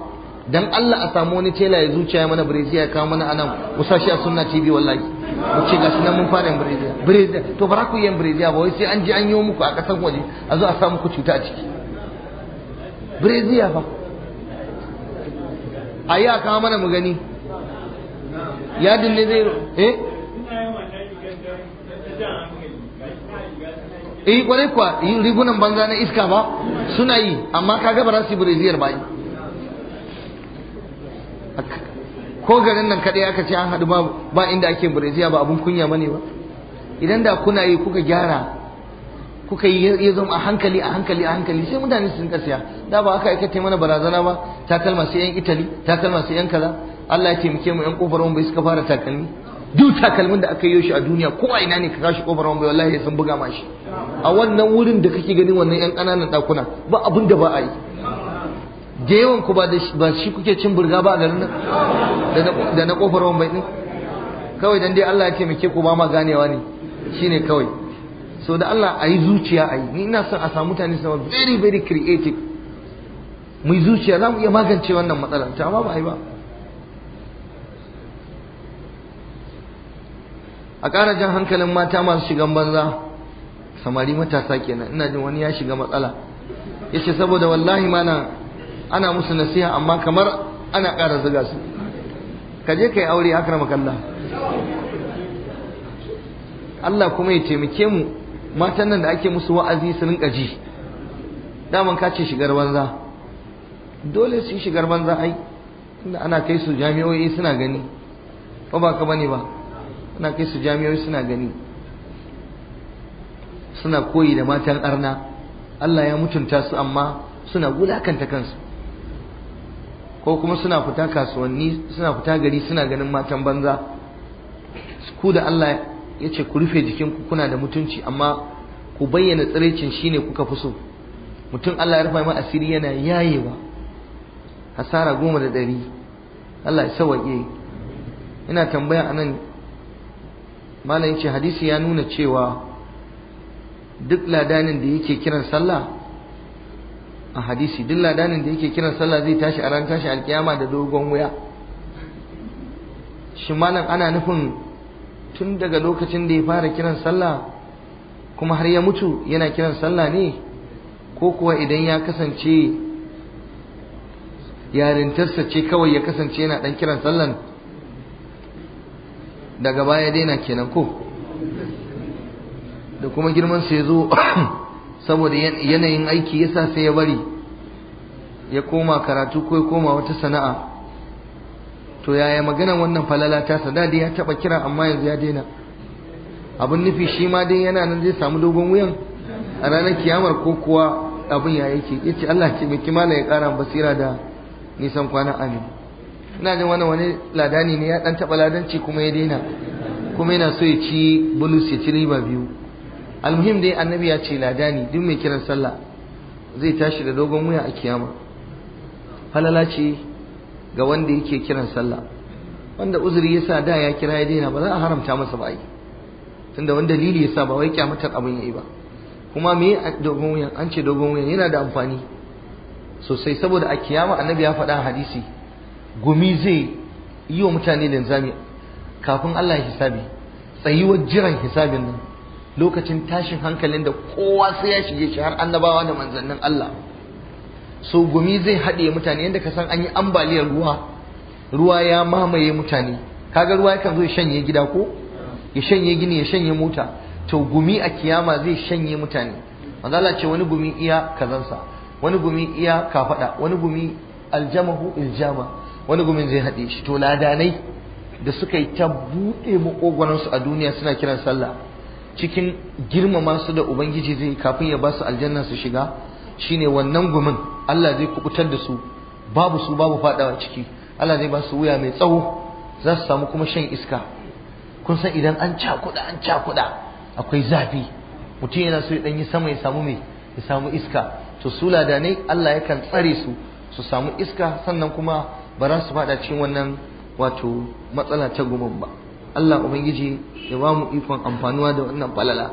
dan Allah a samu wani tela ya zuciya mana bireziya ya kawo mana anan musa shi a sunna TV wallahi mu ce gashi nan mun fara yin bireziya bireziya to ba za ku yin bireziya ba wai sai an ji an yi muku a kasan waje a zo a samu ku cuta a ciki bireziya fa a yi a kawo mana mu gani yadin ne zai eh eh kwarai kwa rigunan banza na iska ba suna yi amma kaga ba za su yi breziyar ba ko garin nan kadai aka ce an haɗu ba inda ake breziya ba abun kunya bane ba idan da kuna yi kuka gyara kuka yi ya zama a hankali a hankali a hankali sai mutane sun kasiya da ba aka aikata mana barazana ba takalma sai yan Italy takalma sai yan kaza Allah ya taimake mu yan kofar wambai suka fara takalmi duk takalmin da aka yi shi a duniya ko a ina ne ka kashi kofar wambai wallahi sun buga mashi a wannan wurin da kake ganin wannan yan ƙananan ɗakuna ba abin da ba a yi da yawan ku ba shi kuke cin burga ba a garin nan da na ƙofar wambai ɗin kawai dan dai Allah ya taimake ku ba ma ganewa ne shine kawai so da Allah a yi zuciya a yi ni ina son a samu mutane su very very creative mu yi zuciya za mu iya magance wannan matsalar ta amma ba a yi ba a ƙara jan hankalin mata masu shigan banza samari matasa kenan ina jin wani ya shiga matsala yace saboda wallahi mana ana musu nasiha amma kamar ana ƙara zuga su ka je kai aure akramaka Allah Allah kuma ya taimake mu matan nan da ake musu wa'azi su rinka ji daman ka ce shigar banza dole su yi shigar banza ai tunda ana kai su jami'o'i suna gani ba ba ka bane ba ana kai su jami'o'i suna gani suna koyi da matan arna Allah ya mutunta su amma suna wulakanta kansu ko kuma suna fita kasuwanni suna fita gari suna ganin matan banza ku da Allah ya ce ku rufe jikinku kuna da mutunci amma ku bayyana tsiraicin shine kuka fi so mutum Allah ya rufa mai asiri yana yayewa hasara goma da ɗari Allah ya sawaƙe ina tambaya anan malam ce hadisi ya nuna cewa duk ladanin da yake kiran sallah a hadisi duk ladanin da yake kiran sallah zai tashi a ran tashi alkiyama da dogon wuya shi malam ana nufin tun daga lokacin da ya fara kiran sallah kuma har ya mutu yana kiran sallah ne ko kuwa idan ya kasance yarintarsa ce kawai ya kasance yana dan kiran sallan daga baya daina kenan ko da kuma girman sa zo saboda yanayin aiki yasa sai ya bari ya koma karatu ko ya koma wata sana'a to yaya magana wannan falala ta sada da ya taba kira amma yanzu ya daina abin nufi shi ma dai yana nan zai samu dogon wuyan a ranar kiyamar ko kuwa abin ya yake Ya ce Allah ce mai kimala ya kara basira da nisan kwana amin ina jin wani wani ladani ne ya dan taba ladanci kuma ya daina kuma yana so ya ci bulus ya ci riba biyu almuhim dai annabi ya ce ladani duk mai kiran sallah zai tashi da dogon wuya a kiyama falala ce ga wanda yake kiran sallah wanda uzuri yasa da ya kira ya daina ba za a haramta masa ba ai tunda wani dalili ya sa ba wai kyamatar abin yayi ba kuma me dogon wuya an ce dogon wuyan yana da amfani sosai saboda a kiyama annabi ya faɗa hadisi gumi zai yi wa mutane linzami kafin Allah ya hisabi tsayuwar jiran hisabin nan lokacin tashin hankalin da kowa sai ya shige shi har annabawa da manzannin Allah so gumi zai haɗe mutane yadda ka san an yi ambaliyar ruwa ruwa ya mamaye mutane kaga ruwa yakan zo ya shanye gida ko ya shanye gini ya shanye mota to gumi a kiyama zai shanye mutane manzala ce wani gumi iya kazansa wani gumi iya kafada wani gumi aljamahu iljama wani gumin zai haɗe shi to ladanai da suka yi ta buɗe makogoransu a duniya suna kiran sallah cikin girmama su da ubangiji zai kafin ya ba su aljanna su shiga shine wannan gumin Allah zai kubutar da su babu su babu fadawa ciki Allah zai ba su wuya mai tsawo za su samu kuma shan iska kun san idan an cakuda an cakuda akwai zafi mutum yana so ya yi sama ya samu mai ya samu iska to su ladanai Allah yakan tsare su su samu iska sannan kuma ba za su fada cikin wannan wato matsala ta gumin ba Allah ubangiji ya ba mu ikon amfanuwa da wannan falala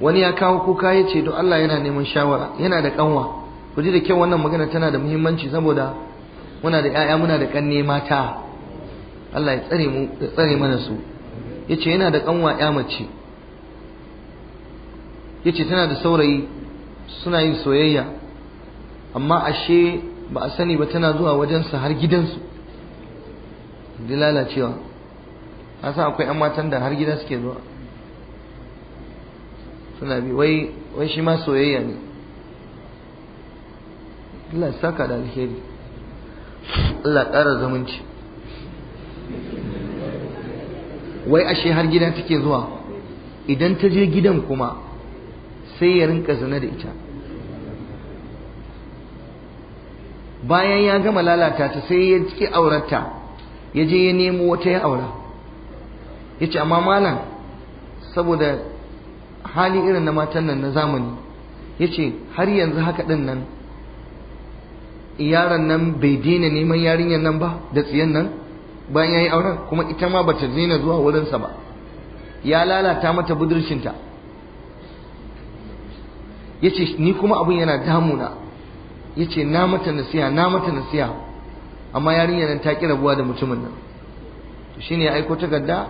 wani ya kawo kuka ya ce don Allah yana neman shawara yana da kanwa ku ji da kyau wannan magana tana da muhimmanci saboda muna da 'ya'ya muna da kanne mata Allah ya tsare mana su yace yana da kanwa ya mace yace tana da saurayi suna yin soyayya amma ashe ba a sani ba tana zuwa wajensa har gidansu da lalacewa A san akwai 'yan matan da har gida suke zuwa suna bi wai wai shi ma soyayya ne Allah saka da alheri Allah ƙara zamunci wai ashe har gida take zuwa idan ta je gidan kuma sai ya rinka zina da ita bayan ya gama lalata ta sai ya ki aurarta ya je ya nemo wata ya aura ya ce amma malam saboda hali irin na matan nan na zamani ya ce har yanzu haka ɗin nan yaron nan bai daina neman yarinyar nan ba da tsiyan nan bayan ya yi auren kuma ita ma bata daina zuwa wurinsa ba ya lalata mata budurcinta ya ce ni kuma abin yana damuna yace na mata nasiha na mata nasiha amma yarinyar nan ta ki rabuwa da mutumin nan to shine ya aiko takarda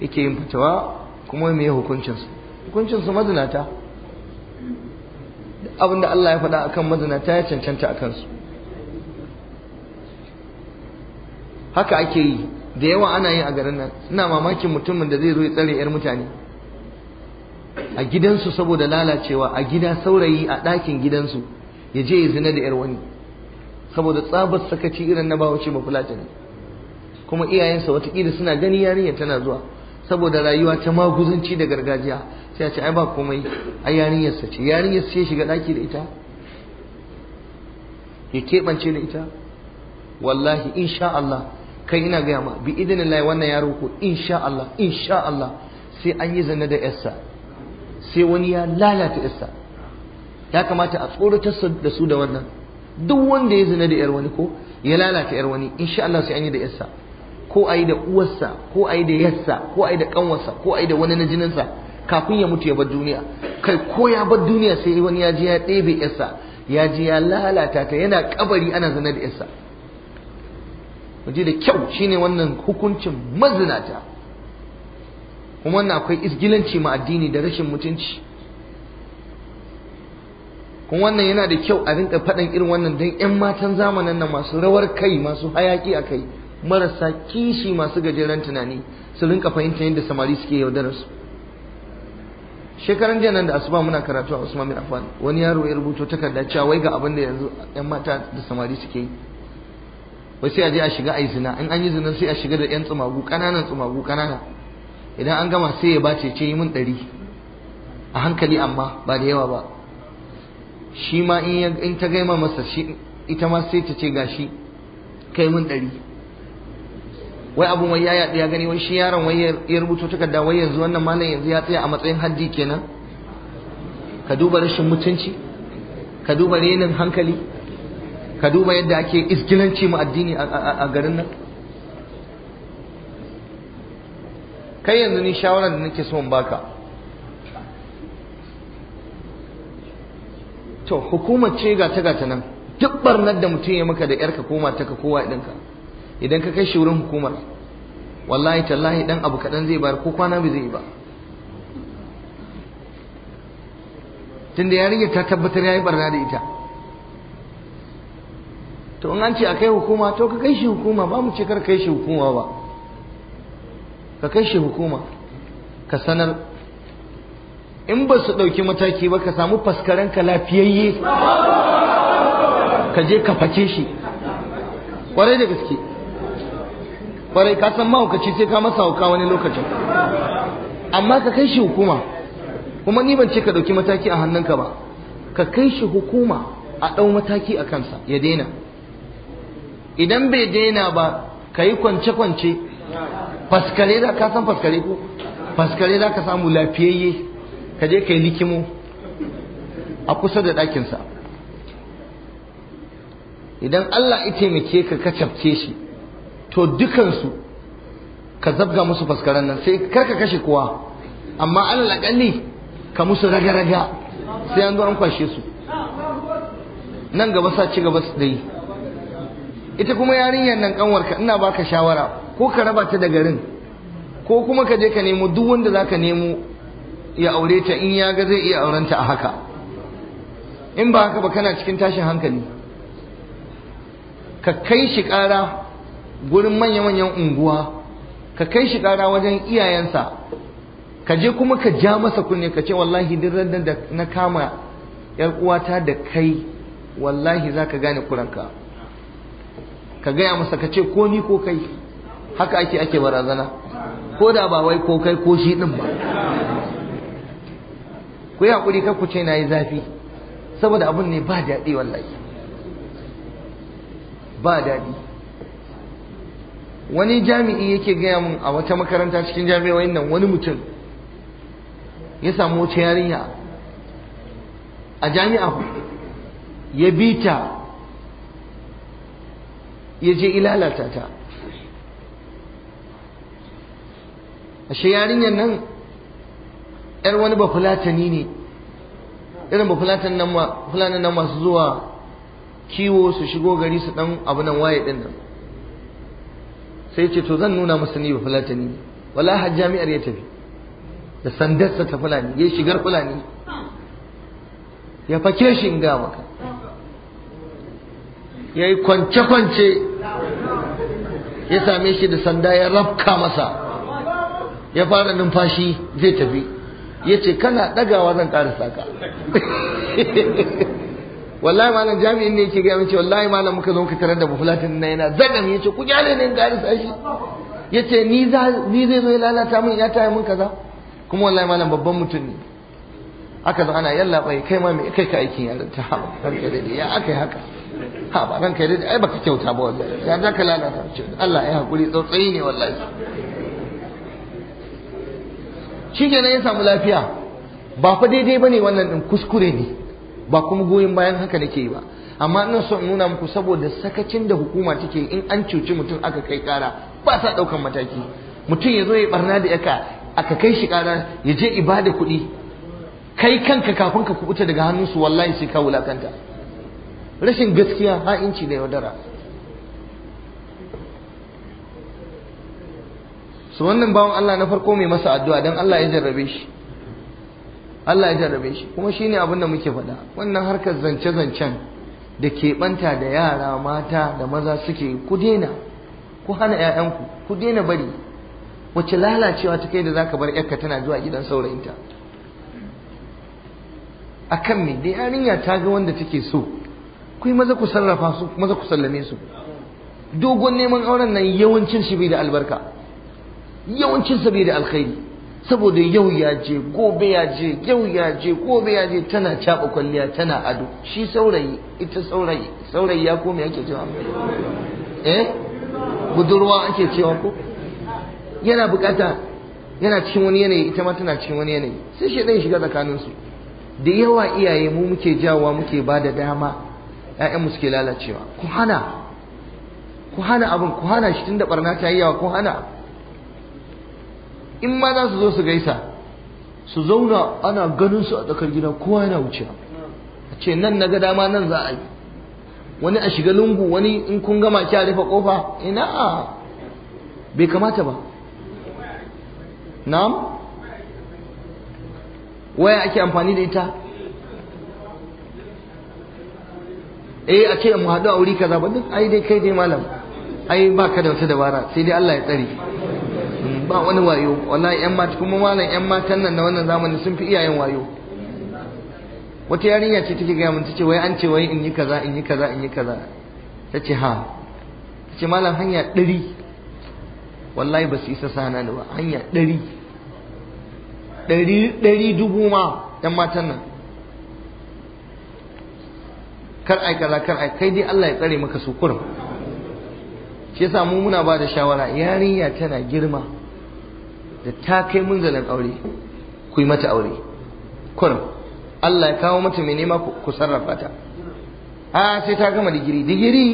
yake yin fitawa kuma me ya hukuncin su hukuncin su mazinata abinda Allah ya faɗa akan mazinata ya cancanta akan su haka ake yi da yawa ana yin a garin nan ina mamakin mutumin da zai zo ya tsare 'yar mutane a gidansu saboda lalacewa a gida saurayi a ɗakin gidansu ya je ya zina da 'yar wani saboda tsabar sakaci irin na bawace ba ne, kuma iyayensa watakila suna gani yarinyar tana zuwa saboda rayuwa ta maguzanci da gargajiya sai a ce ai ba komai a yarinyarsa ce yarinyarsa ce shiga ɗaki da ita ya keɓance da ita wallahi insha Allah kai ina gaya ma bi idinin wannan yaro ko insha Allah insha Allah sai an yi zane da yarsa sai wani ya lalata yarsa ya kamata a tsoratar da su da wannan duk wanda ya zina da yar wani ko ya lalata yar wani insha Allah sai an yi da yarsa ko a yi da uwarsa ko a yi da yarsa ko a yi da kanwarsa ko a yi da wani na jininsa kafin ya mutu ya bar duniya kai ko ya bar duniya sai wani ya je ya ɗebe yarsa ya je ya lalata ta yana kabari ana zina da yarsa mu da kyau shine wannan hukuncin mazinata kuma wannan akwai isgilanci ma addini da rashin mutunci kuma wannan yana da kyau a rinka faɗan irin wannan don 'yan matan zamanin nan masu rawar kai masu hayaki a kai marasa kishi masu gajeren tunani su rinka fahimta yadda samari suke yaudarar su shekaran jiya nan da asuba muna karatu a Usman bin Affan wani yaro ya rubuto takarda cewa wai ga abin da yanzu 'yan mata da samari suke yi wai sai a je a shiga a yi zina in an yi zina sai a shiga da 'yan tsumagu ƙananan tsumagu ƙanana idan an gama sai ya bace ce yi min ɗari a hankali amma ba da yawa ba shi ma in ta gaima masa shi ita ma sai ta ce gashi kai mun ɗari wai abu mai ya yaɗu ya gani wai shi yaron wai ya rubuto takarda wai yanzu wannan malam yanzu ya tsaya a matsayin haddi kenan ka duba rashin mutunci ka duba renin hankali ka duba yadda ake iskilanci mu addini a garin nan kai yanzu ni shawarar da nake so in baka to hukumar ce ga ta gata nan duk barnar da mutum ya maka da yar ka koma ta ka kowa idan ka idan ka kai shi wurin hukumar wallahi tallahi dan abu kadan zai bar, ko kwana bai zai ba tunda yarinya ta tabbatar yayi barna da ita to in an ce a kai hukuma to ka kai shi hukuma ba mu ce kar kai shi hukuma ba ka kai shi hukuma ka sanar in ba su ɗauki mataki ba ka samu faskaranka lafiyayye ka je ka fake shi ƙwarai da gaske ƙwarai ka san mahaukaci sai ka masa hauka wani lokacin amma ka kai shi hukuma kuma ni ban ce ka ɗauki mataki a hannunka ba ka kai shi hukuma a ɗau mataki a kansa ya daina idan bai daina ba ka yi kwance-kwance faskare da ka san faskare ko faskare za ka samu lafiyayye ka je kai likimo a kusa da ɗakinsa idan Allah ya taimake ka ka cafke shi to dukansu ka zabga musu faskaran nan sai kar ka kashe kowa amma Allah kalli ka musu raga-raga sai an zuwa kwashe su nan gaba sa ci gaba su dai ita kuma yarinyar nan kanwarka ina baka shawara ko ka raba ta da garin ko kuma ka je ka nemo duk wanda za ka nemo ya aure ta in ya ga zai iya aurenta a haka in ba haka ba kana cikin tashin hankali ka kai shi ƙara gurin manya-manyan unguwa ka kai shi ƙara wajen iyayensa ka je kuma ka ja masa kunne ka ce wallahi duk da na kama yar uwata da kai wallahi za ka gane kuranka ka gaya masa ka ce ko ni ko kai haka ake ake barazana ko da ba wai ko kai ko shi ɗin ba ku yi haƙuri kar ku ce na yi zafi saboda abin ne ba daɗi wallahi ba daɗi wani jami'i yake gaya mun a wata makaranta cikin jami'o'in nan wani mutum ya samu wata yarinya a jami'a ya bi ta ya je ilalata ta ashe yarinyar nan yar wani ba fulatani ne irin ba fulatan nan ma fulatan nan masu zuwa kiwo su shigo gari su dan abu nan waye din nan sai ce to zan nuna musu ni ba fulatani ne wala har jami'ar ya tafi da sandarsa ta fulani ya shigar fulani ya fake shi in ga maka ya yi kwance-kwance ya same shi da sanda ya rafka masa ya fara numfashi zai tafi yace kana dagawa zan ƙara ka wallahi malam jami'in ne yake ga mace wallahi malam muka zo ka tarar da bufulatin na yana zagam yace ku gyale ne ga arsa shi yace ni ni zai zo lalata min ya taya min kaza kuma wallahi malam babban mutum ne aka zo ana yalla bai kai ma me kai ka aikin yarinta ha ranka dai ya akai haka ha ba ranka dai ai baka kyauta ba wallahi ya zaka lalata Allah ya haƙuri tsautsayi ne wallahi na ya samu lafiya ba fa daidai ba ne wannan din kuskure ne ba kuma goyon bayan haka nake yi ba amma ina son nuna muku saboda sakacin da hukuma take in an cuci mutum aka kai kara ba sa ɗaukan mataki mutum ya zo ya barna da yaka aka kai shi kara ya je ibada kuɗi kai kanka kafin ka kubuta daga su, wallahi sai ka wulakanta rashin gaskiya ha'inci da yaudara su wannan bawan Allah na farko mai masa addu'a don Allah ya jarrabe shi Allah ya jarrabe shi kuma shine abin da muke faɗa wannan harkar zance-zancen da ke banta da yara mata da maza suke ku daina ku hana 'ya'yanku ku daina bari wace lalacewa ta kai da zaka bar 'yarka tana zuwa gidan saurayinta akan me da yarinya ta ga wanda take so ku yi maza ku sarrafa su maza ku sallame su dogon neman auren nan yawancin shi bai da albarka yawancin saboda alkhairi saboda yau ya je gobe ya je yau ya je gobe ya je tana caba kwalliya tana ado shi saurayi ita saurayi saurayi ya kome ake cewa eh budurwa ake cewa ko yana bukata yana cikin wani yanayi ita ma tana cikin wani yanayi sai shi ɗan shiga tsakaninsu da yawa iyaye mu muke jawawa, muke ba da dama mu suke lalacewa ku hana ku hana abin ku hana shi tun da ta yi yawa ku hana in ma za su zo su gaisa su zauna ana ganin su a tsakar gida kowa yana wuce a ce nan na ga dama nan za a yi wani a shiga lungu wani in kun gama ki a rufe kofa ina a bai kamata ba na'am waya ake amfani da ita eh a ce mu haɗu a wuri kaza ba duk ai dai kai dai malam ai ka da wata dabara sai dai Allah ya tsare ba wani wayo wallahi yan mata kuma malam yan matan nan na wannan zamani sun fi iyayen wayo wata yarinya ce take gaya mun tace wai an ce wai in yi kaza in yi kaza in yi kaza tace ha tace malam hanya ɗari wallahi ba su isa sana da ba hanya ɗari ɗari ɗari dubu ma yan matan nan kar ai kaza kar ai kai dai Allah ya tsare maka su kurum shi yasa mu muna ba da shawara yarinya tana girma da ta kai munzalin aure ku yi mata aure kun Allah ya kawo mata mai nema ku sarrafa ta a sai ta gama digiri digiri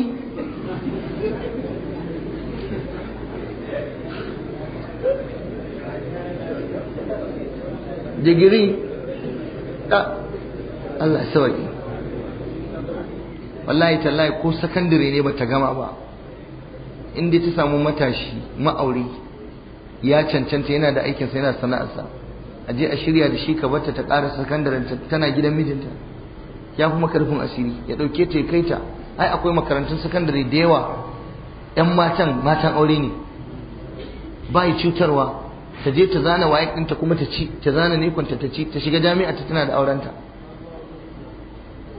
digiri da ah, Allah sauki wallahi tallahi ko sakandare ne bata gama ba inda ta samu matashi ma'auri ya cancanta yana da aikin sa yana sana'arsa a je a shirya da shi ka barta ta ƙara sakandaren tana gidan mijinta ya fi karfin asiri ya ɗauke ta ya kai ta ai akwai makarantun sakandare da yawa yan matan matan aure ne ba cutarwa ta je ta zana waye ɗinta kuma ta ci ta zana kwanta ta ci ta shiga jami'a ta tana da aurenta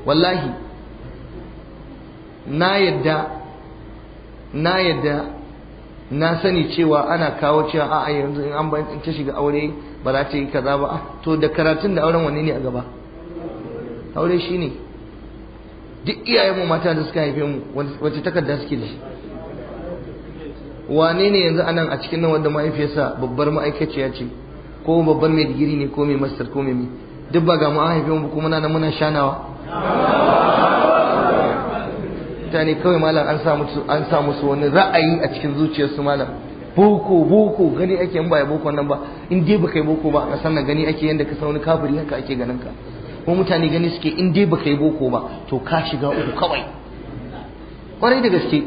wallahi na yadda na yadda na sani cewa ana kawo cewa a'a yanzu in an bayan ta shiga aure ba za ta yi kaza ba ah, to da karatun da auren wanne ne a gaba aure shi ne duk iyayenmu mata da suka haife mu wacce takarda suke da shi wane ne yanzu anan a cikin nan wanda mahaifiyarsa babbar ma'aikaciya ce ko babban mai digiri ne ko mai master ko mai duk ba ga mu an haife mu kuma na muna shanawa mutane kawai malam an sa musu an sa musu wani ra'ayi a cikin zuciyarsu malam boko boko gani ake in ba boko nan ba in dai baka yi boko ba a kasan na gani ake yanda ka san wani kafiri haka ake ganin ka ko mutane gani suke in dai baka yi boko ba to ka shiga uku kawai kwarai da gaske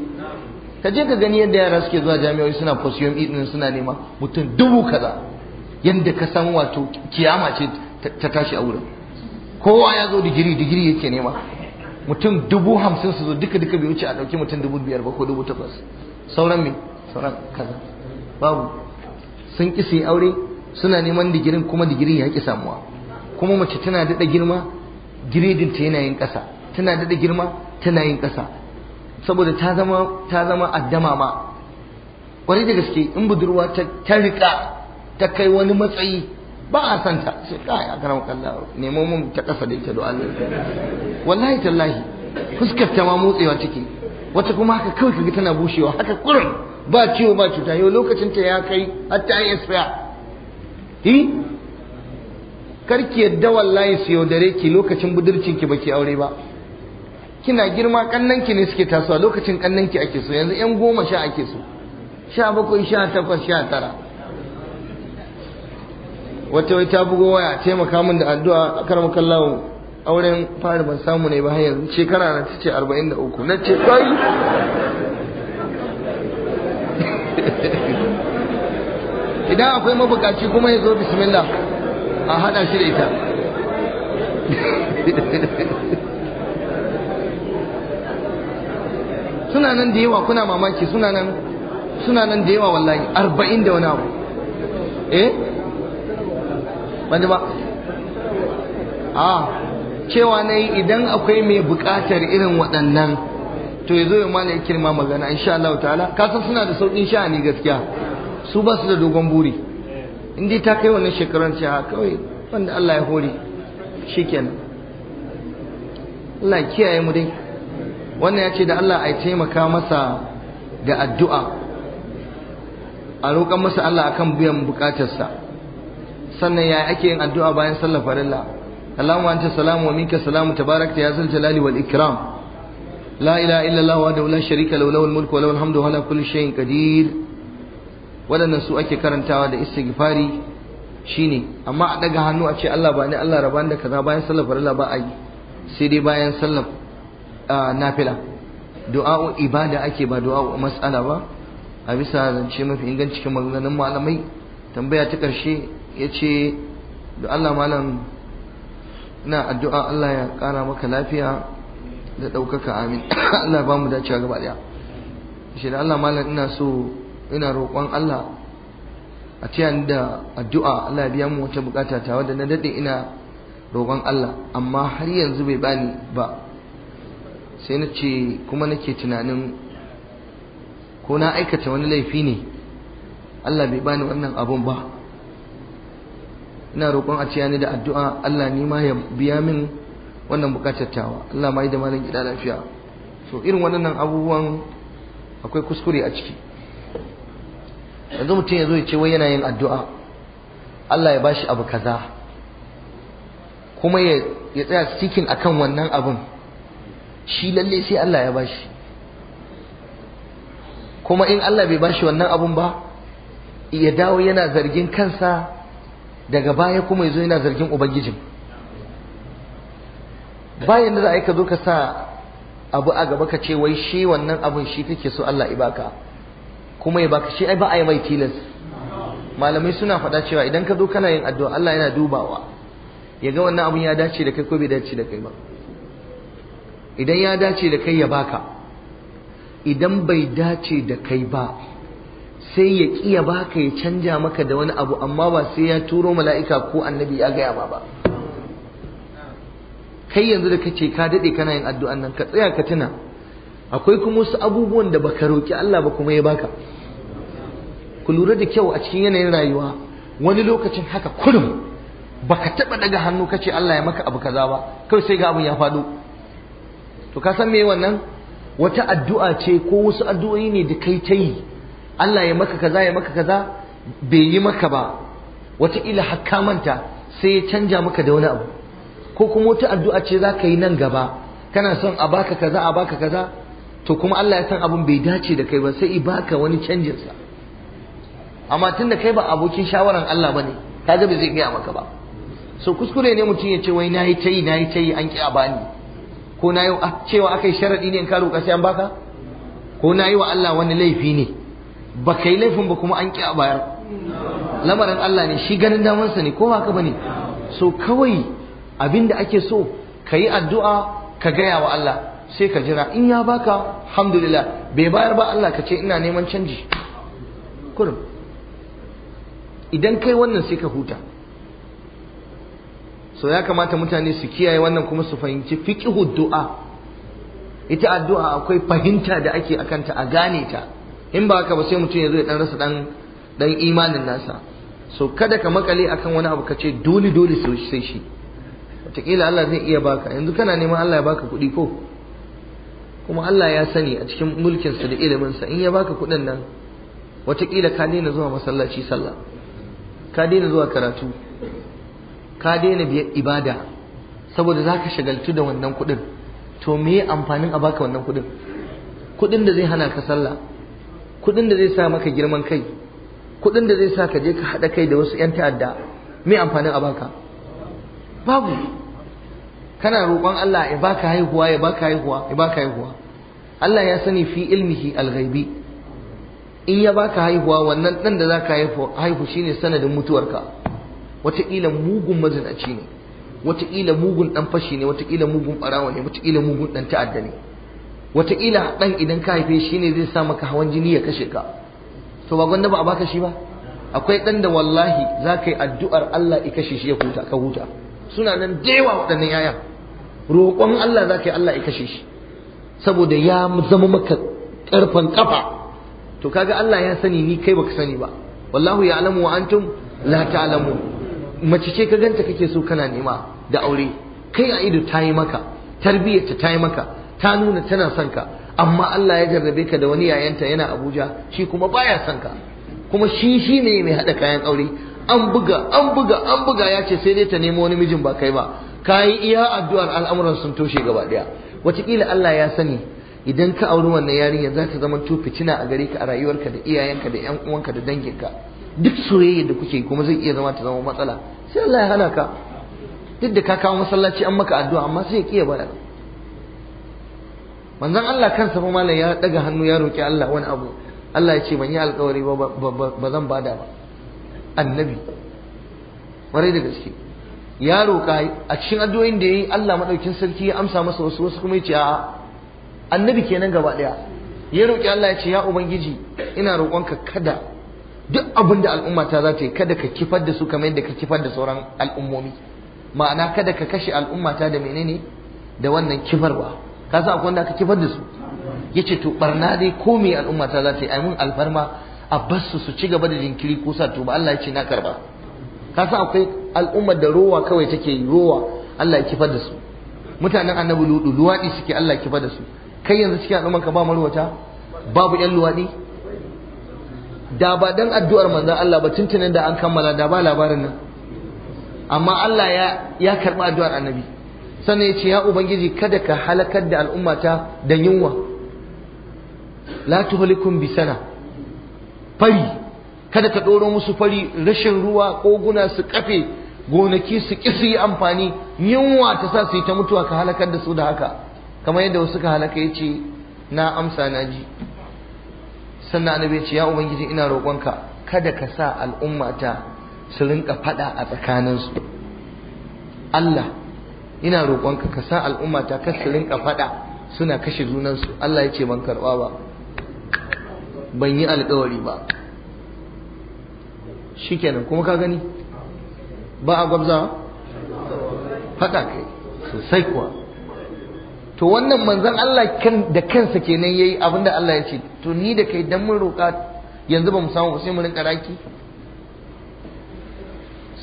ka je ka gani yadda yara suke zuwa jami'o'i suna fosiyon idin suna nema mutum dubu kaza yadda ka san wato kiyama ce ta tashi a wurin kowa ya zo digiri digiri yake nema mutum dubu hamsin su zo duka duka bai wuce a ɗauki mutum dubu biyar ba ko dubu takwas sauran me sauran kaza babu sun kisa su yi aure suna neman digirin kuma digirin ya ƙi samuwa kuma mace tana daɗa girma ta yana yin ƙasa tana daɗa girma tana yin ƙasa saboda ta zama ta zama addama ma ƙwarai da gaske in budurwa ta riƙa ta kai wani matsayi ba a san ta sai kai a karam kallah nemo mun ta kasa da ita do wallahi tallahi fuskar ta ma motsewa take wata kuma haka kawai kaga tana bushewa haka kurin ba ciwo ba cuta yau lokacin ta ya kai har ta yi expire yi karki yadda wallahi su dare ki lokacin budurcin ki baki aure ba kina girma kannanki ki ne suke tasowa lokacin kannanki ki ake so yanzu yan goma sha ake so sha bakwai sha takwas sha tara wata wai ta bugo waya taimaka min da addu'a akaram kallahu auren fara ban samu ne ba hanyar. shekara na ta ce 43 na ce kai idan akwai mabukaci kuma ya zo bismillah a hada shi da ita suna nan da yawa kuna mamaki suna nan suna nan da yawa wallahi arba'in da wani abu eh ban ba a cewa na yi idan akwai mai buƙatar irin waɗannan to ya zo ya mana ya kirma magana insha Allah ta'ala kasan suna da sauƙin sha'ani gaskiya su ba su da dogon buri in dai ta kai wannan shekaran cewa kawai wanda Allah ya hore shikenan Allah kiyaye mu dai wannan ya ce da Allah a taimaka masa da addu'a a roƙon masa Allah akan biyan buƙatarsa sannan ya ake yin addu'a bayan sallar farilla Allahumma anta salamu wa minka salamu tabarakta ya zal jalali wal ikram la ilaha illa Allah wahdahu la sharika lahu lahul mulku wa lahul hamdu wa ala kulli shay'in qadir wadannan su ake karantawa da istighfari shine amma a daga hannu a ce Allah ba ni Allah raban da kaza bayan sallar farilla ba a sai dai bayan sallar nafila du'a ibada ake ba du'a mas'ala ba a bisa zance mafi ingancin maganganun malamai tambaya ta ƙarshe ya ce da Allah malam ina addu'a Allah ya ƙara maka lafiya da ɗaukaka amin Allah ba mu dacewa gaba ɗaya shi da Allah malam ina so ina roƙon Allah a tiyan da addu'a Allah biya mu wata buƙata ta wadda na daɗe ina roƙon Allah amma har yanzu bai bani ba sai na ce kuma nake tunanin ko na aikata wani laifi ne Allah bai bani wannan abun ba ina roƙon a ciyani da addu'a Allah ni ma ya biya min wannan bukatar tawa Allah ma yi da malam gida lafiya so irin waɗannan abubuwan akwai kuskure a ciki yanzu mutum ya zo ya ce wai yana yin addu'a Allah ya bashi abu kaza kuma ya tsaya cikin akan wannan abun shi lalle sai Allah ya bashi kuma in Allah bai bashi wannan abun ba ya dawo yana zargin kansa daga baya kuma yazo yana zargin ubangijin bayan da za a yi ka zo ka sa abu a gaba ka ce wai shi wannan abun shi kake so Allah ya baka kuma ya baka shi ai ba ai mai tilas malamai suna faɗa cewa idan ka zo kana yin addu'a Allah yana dubawa ya ga wannan abun ya dace da kai ko bai dace da kai ba idan ya dace da kai ya baka idan bai dace da kai ba sai ya kiya baka ya canja maka da wani abu amma ba sai ya turo mala'ika ko annabi ya gaya ba ba kai yanzu da kace ka daɗe kana yin addu'an nan ka tsaya ka tuna akwai kuma wasu abubuwan da baka roki Allah ba kuma ya baka ku lura da kyau a cikin yanayin rayuwa wani lokacin haka kurum baka taɓa daga hannu kace Allah ya maka abu kaza ba kai sai ga abun ya faɗo to ka san me wannan wata addu'a ce ko wasu addu'o'i ne da kai ta yi Allah ya maka kaza ya maka kaza bai yi maka ba Wata ila hakka manta sai ya canja maka da wani abu ko kuma wata addu'a ce za ka yi nan gaba kana son a baka kaza a baka kaza to kuma Allah ya san abun bai dace da kai ba sai i baka wani canjin sa amma tunda kai ba abokin shawaran Allah bane kaga bai zai gaya maka ba so kuskure ne mutum ya ce wai nayi tayi nayi tayi an ki a bani ko nayi ah, cewa akai sharadi ne in ka roƙa sai an baka ko nayi wa Allah wani laifi ne ba yi laifin ba kuma an ki a bayar lamarin Allah ne shi ganin damansa ne ko ba ne. bane so kawai abinda ake so ka yi addu'a ka gaya wa Allah sai ka jira in ya baka alhamdulillah bai bayar ba Allah ka ce ina neman canji kurum idan kai wannan sai ka huta so ya kamata mutane su kiyaye wannan kuma su fahimci fiqhu du'a ita addu'a akwai fahimta da ake akanta a gane ta in ba haka ba sai mutum ya zo ya dan rasa dan dan imanin nasa so kada ka makale akan wani abu ka ce dole dole sai shi wataƙila Allah zai iya baka yanzu kana neman Allah ya baka kuɗi ko kuma Allah ya sani a cikin mulkin sa da sa in ya baka kuɗin nan wataƙila ka daina zuwa masallaci sallah ka daina zuwa karatu ka daina biyar ibada saboda za ka shagaltu da wannan kuɗin to me amfanin a baka wannan kuɗin kuɗin da zai hana ka sallah kuɗin da zai sa maka girman kai kuɗin da zai sa ka je ka haɗa kai da wasu 'yan ta'adda me amfanin a baka babu kana roƙon Allah ya baka haihuwa ya baka haihuwa ya baka haihuwa Allah ya sani fi ilmihi alghaibi in ya baka haihuwa wannan dan da zaka haihu shine sanadin mutuwarka wataƙila mugun mazinaci ne wataƙila mugun dan fashi ne wataƙila mugun barawa ne wataƙila mugun dan ta'adda ne wataƙila ɗan idan ka haife shi ne zai sa maka hawan jini ya kashe ka to ba gwanda ba a baka shi ba akwai ɗan da wallahi za ka yi addu'ar Allah ya kashe shi ya huta ka huta suna nan da yawa waɗannan yaya roƙon Allah za ka yi Allah ya kashe shi saboda ya zama maka ƙarfan kafa to kaga Allah ya sani ni kai baka sani ba wallahu alamu wa antum la ta'lamu mace ce ka ganta kake so kana nema da aure kai a ido ta yi maka tarbiyyar ta yi maka ta nuna tana son ka amma Allah ya jarrabe ka da wani yayanta yana Abuja shi kuma baya son ka kuma shi shi ne mai haɗa kayan aure an buga an buga an buga ya ce sai dai ta nemo wani mijin ba kai ba kayi iya addu'ar al'amuran sun toshe gaba ɗaya wataƙila Allah ya sani idan ka auri wannan yarinya za ta zama to fitina a gare ka a rayuwarka da iyayenka da 'yan uwanka da danginka duk soyayya da kuke kuma zai iya zama ta zama matsala sai Allah ya hana ka duk da ka kawo masallaci an maka addu'a amma sai ya kiyaye baya manzon Allah kansa ba malam ya daga hannu ya roki Allah wani abu Allah ya ce ban yi alkawari ba ba zan bada ba annabi ƙwarai da gaske ya roƙa a cikin addu'o'in da yayi Allah madaukin sarki ya amsa masa wasu wasu kuma ya ce a'a annabi kenan gaba daya ya roƙi Allah ya ce ya ubangiji ina roƙonka kada duk abin da al'umma ta za ta yi kada ka kifar da su kamar yadda ka kifar da sauran al'ummomi ma'ana kada ka kashe al'umma ta da menene da wannan kifarwa ka san akwai wanda aka kifar da su Ya ce to barna dai ko me al'umma ta za ta yi mun alfarma a basu su ci gaba da jinkiri ko sa to ba Allah ya ce na karba ka san akwai al'ummar da rowa kawai take rowa Allah ya kifar da su mutanen annabi ludu luwadi suke Allah ya kifar da su kai yanzu cikin al'ummar ka ba marwata babu yan luwadi da ba dan addu'ar manzon Allah ba tuntunan da an kammala da ba labarin nan amma Allah ya ya karba addu'ar annabi sannan ya ce ya ubangiji kada ka halakar da al'ummata da yunwa la tuhlikum bi sana fari kada ka ɗoro musu fari rashin ruwa koguna su kafe gonaki su ƙi su yi amfani yunwa ta sa su yi ta mutuwa ka halakar da su da haka kamar yadda wasu ka halaka ya ce na amsa na ji sannan annabi ya ce ya ubangiji ina roƙonka kada ka sa al'ummata su rinka faɗa a tsakaninsu Allah ina roƙonka ka sa al'umma ta kasu rinka faɗa suna kashe junansu Allah ya ce ban karɓa ba ban yi alƙawari ba shikenan kuma ka gani ba a gwabza faɗa kai sosai kuwa to wannan manzan Allah kan da kansa kenan yayi abinda Allah ya ce to ni da kai dan mun roƙa yanzu ba mu samu sai mu rinka raki